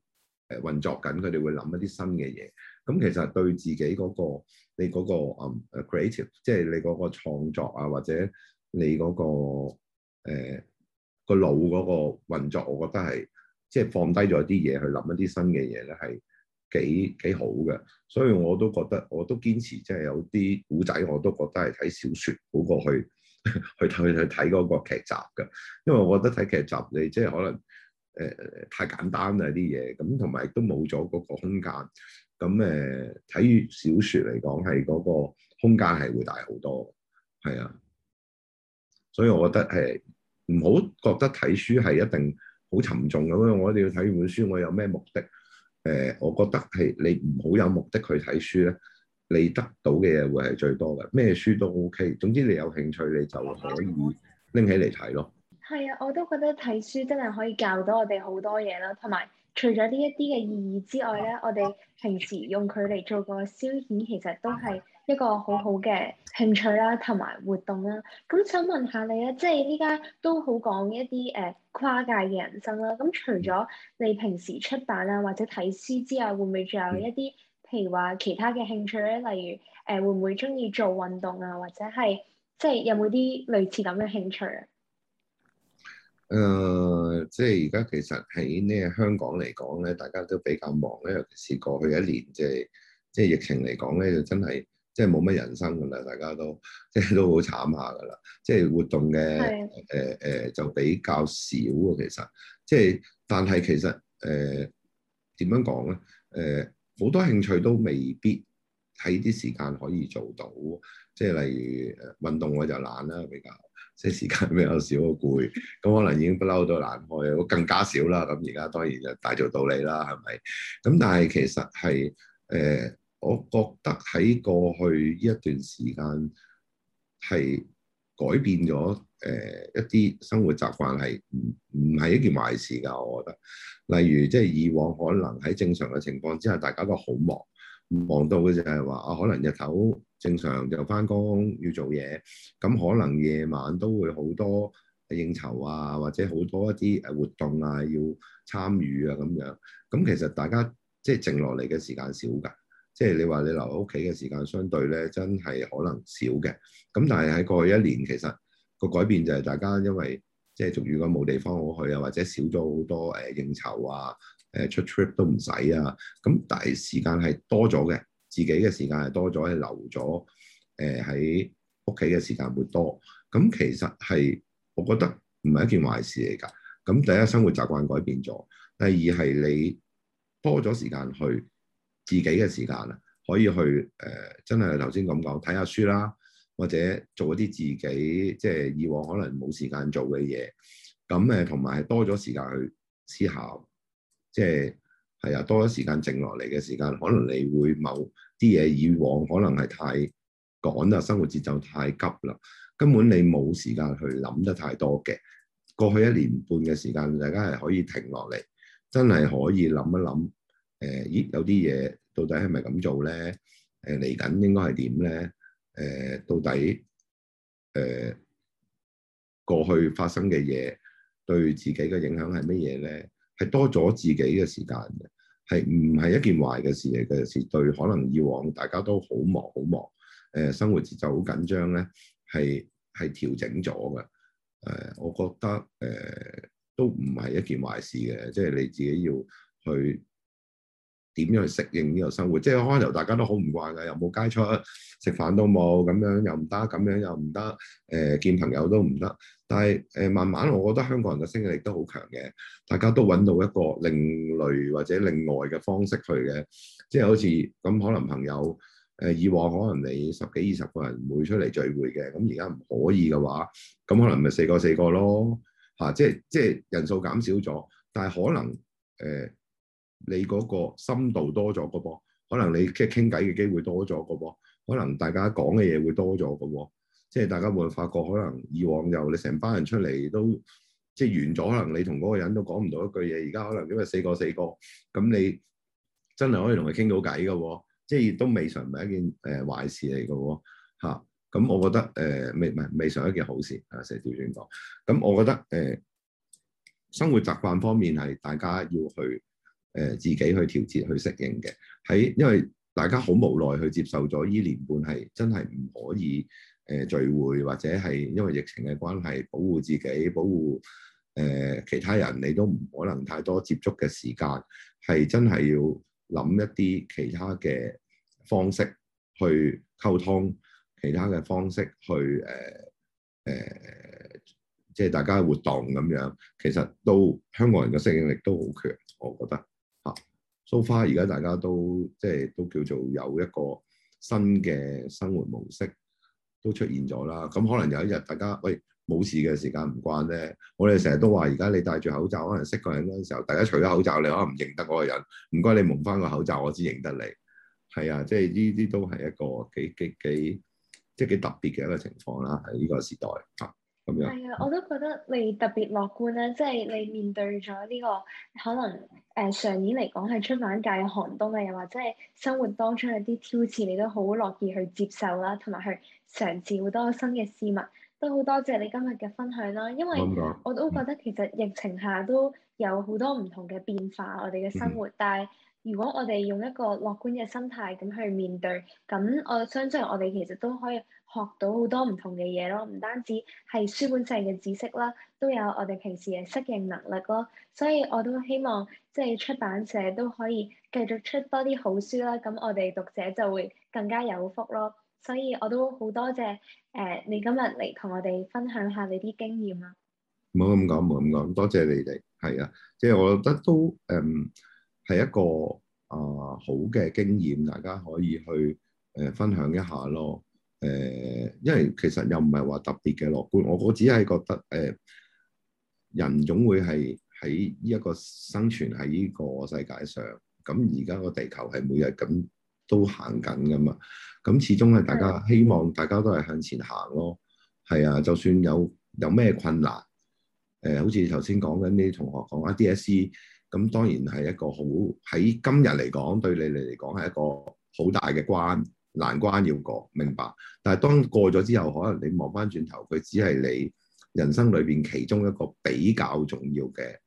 C: 誒運作緊，佢哋會諗一啲新嘅嘢。咁、嗯、其實對自己嗰、那個嗰個你嗰、嗰個啊、um, creative，即係你嗰個創作啊，或者你嗰、嗰個誒個、欸、腦嗰個運作，我覺得係即係放低咗啲嘢去諗一啲新嘅嘢咧，係幾幾好嘅。所以我都覺得我都堅持，即係有啲古仔我都覺得係睇小説好過去 去去睇嗰個劇集嘅，因為我覺得睇劇集你即係可能。誒太簡單啦啲嘢，咁同埋都冇咗嗰個空間，咁誒睇小説嚟講係嗰個空間係會大好多，係啊，所以我覺得誒唔好覺得睇書係一定好沉重咁樣，我一定要睇完本書，我有咩目的？誒，我覺得係你唔好有目的去睇書咧，你得到嘅嘢會係最多嘅，咩書都 OK，總之你有興趣你就可以拎起嚟睇咯。
A: 係啊，我都覺得睇書真係可以教到我哋好多嘢啦。同埋除咗呢一啲嘅意義之外咧，我哋平時用佢嚟做個消遣，其實都係一個好好嘅興趣啦，同埋活動啦。咁想問下你咧，即係而家都好講一啲誒、呃、跨界嘅人生啦。咁除咗你平時出版啊或者睇書之外，會唔會仲有一啲譬如話其他嘅興趣咧？例如誒、呃，會唔會中意做運動啊？或者係即係有冇啲類似咁嘅興趣啊？
C: 誒、呃，即係而家其實喺咩香港嚟講咧，大家都比較忙咧，尤其是過去一年、就是就是，即係即係疫情嚟講咧，就真係即係冇乜人生㗎啦，大家都即係都好慘下㗎啦，即係活動嘅誒誒就比較少啊，其實，即係但係其實誒、呃、點樣講咧？誒、呃、好多興趣都未必喺啲時間可以做到，即係例如誒運動我就懶啦，比較。即係時間比較少，攰，咁可能已經不嬲都難開，更加少啦。咁而家當然就大做道理啦，係咪？咁但係其實係誒、呃，我覺得喺過去呢一段時間係改變咗誒、呃、一啲生活習慣，係唔唔係一件壞事㗎。我覺得，例如即係以往可能喺正常嘅情況之下，大家都好忙，忙到嘅就係話啊，可能日頭。正常就翻工要做嘢，咁可能夜晚都會好多應酬啊，或者好多一啲誒活動啊要參與啊咁樣。咁其實大家即係靜落嚟嘅時間少㗎，即係你話你留喺屋企嘅時間相對咧真係可能少嘅。咁但係喺過去一年其實個改變就係大家因為即係俗語講冇地方好去啊，或者少咗好多誒應酬啊，誒出 trip 都唔使啊。咁但係時間係多咗嘅。自己嘅時間係多咗，係留咗誒喺屋企嘅時間會多。咁其實係，我覺得唔係一件壞事嚟㗎。咁第一生活習慣改變咗，第二係你多咗時間去自己嘅時間啊，可以去誒、呃，真係頭先咁講，睇下書啦，或者做一啲自己即係、就是、以往可能冇時間做嘅嘢。咁誒同埋多咗時間去思考，即係係啊，多咗時間剩落嚟嘅時間，可能你會某啲嘢以往可能係太趕啦，生活節奏太急啦，根本你冇時間去諗得太多嘅。過去一年半嘅時間，大家係可以停落嚟，真係可以諗一諗。誒、呃，咦，有啲嘢到底係咪咁做咧？誒、呃，嚟緊應該係點咧？誒、呃，到底誒、呃、過去發生嘅嘢對自己嘅影響係乜嘢咧？係多咗自己嘅時間嘅。係唔係一件壞嘅事嚟嘅？係，對，可能以往大家都好忙，好忙，誒，生活節奏好緊張咧，係係調整咗嘅。誒，我覺得誒，都唔係一件壞事嘅，即係你自己要去。點樣去適應呢個生活？即係開頭大家都好唔慣嘅，又冇街出，食飯都冇咁樣又唔得咁樣，又唔得。誒，見朋友都唔得。但係誒、呃，慢慢我覺得香港人嘅適應力都好強嘅，大家都揾到一個另類或者另外嘅方式去嘅。即係好似咁，可能朋友誒、呃、以往可能你十幾二十個人會出嚟聚會嘅，咁而家唔可以嘅話，咁可能咪四個四個咯嚇、啊。即係即係人數減少咗，但係可能誒。呃你嗰個深度多咗個噃，可能你即係傾偈嘅機會多咗個噃，可能大家講嘅嘢會多咗個喎，即係大家會發覺可能以往就你成班人出嚟都即係完咗，可能你同嗰個人都講唔到一句嘢，而家可能因為四個四個咁你真係可以同佢傾到偈嘅喎，即係亦都未嘗唔係一件誒、呃、壞事嚟嘅喎，咁、啊、我覺得誒、呃、未唔未嘗一件好事啊，石調轉講，咁我覺得誒、呃、生活習慣方面係大家要去。誒自己去調節、去適應嘅，喺因為大家好無奈去接受咗依年半係真係唔可以誒、呃、聚會，或者係因為疫情嘅關係保護自己，保護誒、呃、其他人，你都唔可能太多接觸嘅時間。係真係要諗一啲其他嘅方式去溝通，其他嘅方式去誒誒，即、呃、係、呃就是、大家活動咁樣。其實都香港人嘅適應力都好強，我覺得。so far 而家大家都即係都叫做有一個新嘅生活模式都出現咗啦。咁可能有一日大家喂，冇事嘅時間唔慣咧，我哋成日都話而家你戴住口罩，可能識個人嗰陣時候，大家除咗口罩，你可能唔認得嗰個人。唔該你蒙返個口罩，我先認得你係啊。即係呢啲都係一個幾幾幾即係幾特別嘅一個情況啦。喺呢個時代啊。係
A: 啊，我都覺得你特別樂觀啦，即、就、係、是、你面對咗呢、這個可能誒、呃、上年嚟講係出版界嘅寒冬啊，又或者係生活當中有啲挑戰，你都好樂意去接受啦，同埋去嘗試好多新嘅事物，都好多謝你今日嘅分享啦，因為我都覺得其實疫情下都有好多唔同嘅變化，我哋嘅生活，但係、嗯。如果我哋用一個樂觀嘅心態咁去面對，咁我相信我哋其實都可以學到好多唔同嘅嘢咯，唔單止係書本上嘅知識啦，都有我哋平時嘅適應能力咯。所以我都希望即係出版社都可以繼續出多啲好書啦，咁我哋讀者就會更加有福咯。所以我都好多謝誒，呃，你今日嚟同我哋分享下你啲經驗啦。
C: 冇咁講，冇咁講，多謝你哋。係啊，即係我覺得都誒。嗯係一個啊、呃、好嘅經驗，大家可以去誒、呃、分享一下咯。誒、呃，因為其實又唔係話特別嘅樂觀，我我只係覺得誒、呃、人總會係喺呢一個生存喺呢個世界上。咁而家個地球係每日咁都行緊㗎嘛。咁、嗯、始終係大家希望大家都係向前行咯。係啊，就算有有咩困難，誒、呃、好似頭先講緊啲同學講啊 DSE。咁當然係一個好喺今日嚟講，對你嚟講係一個好大嘅關難關要過，明白。但係當過咗之後，可能你望翻轉頭，佢只係你人生裏邊其中一個比較重要嘅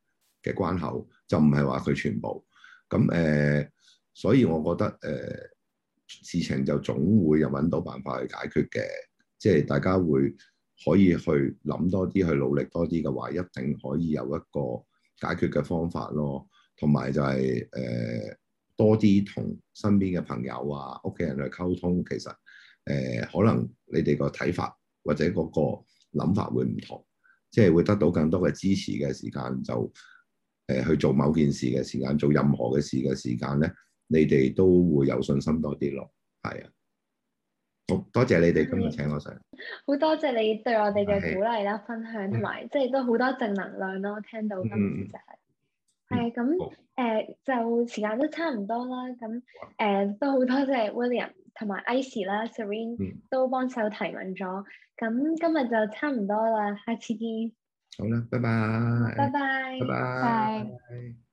C: 嘅關口，就唔係話佢全部。咁誒，所以我覺得誒事情就總會有搵到辦法去解決嘅，即係大家會可以去諗多啲，去努力多啲嘅話，一定可以有一個解決嘅方法咯，同埋就係、是、誒、呃、多啲同身邊嘅朋友啊、屋企人去溝通，其實誒、呃、可能你哋個睇法或者嗰個諗法會唔同，即係會得到更多嘅支持嘅時間，就誒、呃、去做某件事嘅時間，做任何嘅事嘅時間咧，你哋都會有信心多啲咯，係啊。好多謝你哋今日請我上，
A: 好多謝你對我哋嘅鼓勵啦、的分享同埋，即係都好多正能量咯。聽到今次就係、是，係咁誒，就時間都差唔多、呃、多 William, Icy, 啦。咁誒、嗯，都好多謝 William 同埋 Icy 啦、Serene 都幫手提問咗。咁今日就差唔多啦，下次見。
B: 好啦，拜拜。拜拜。拜拜。拜拜拜拜。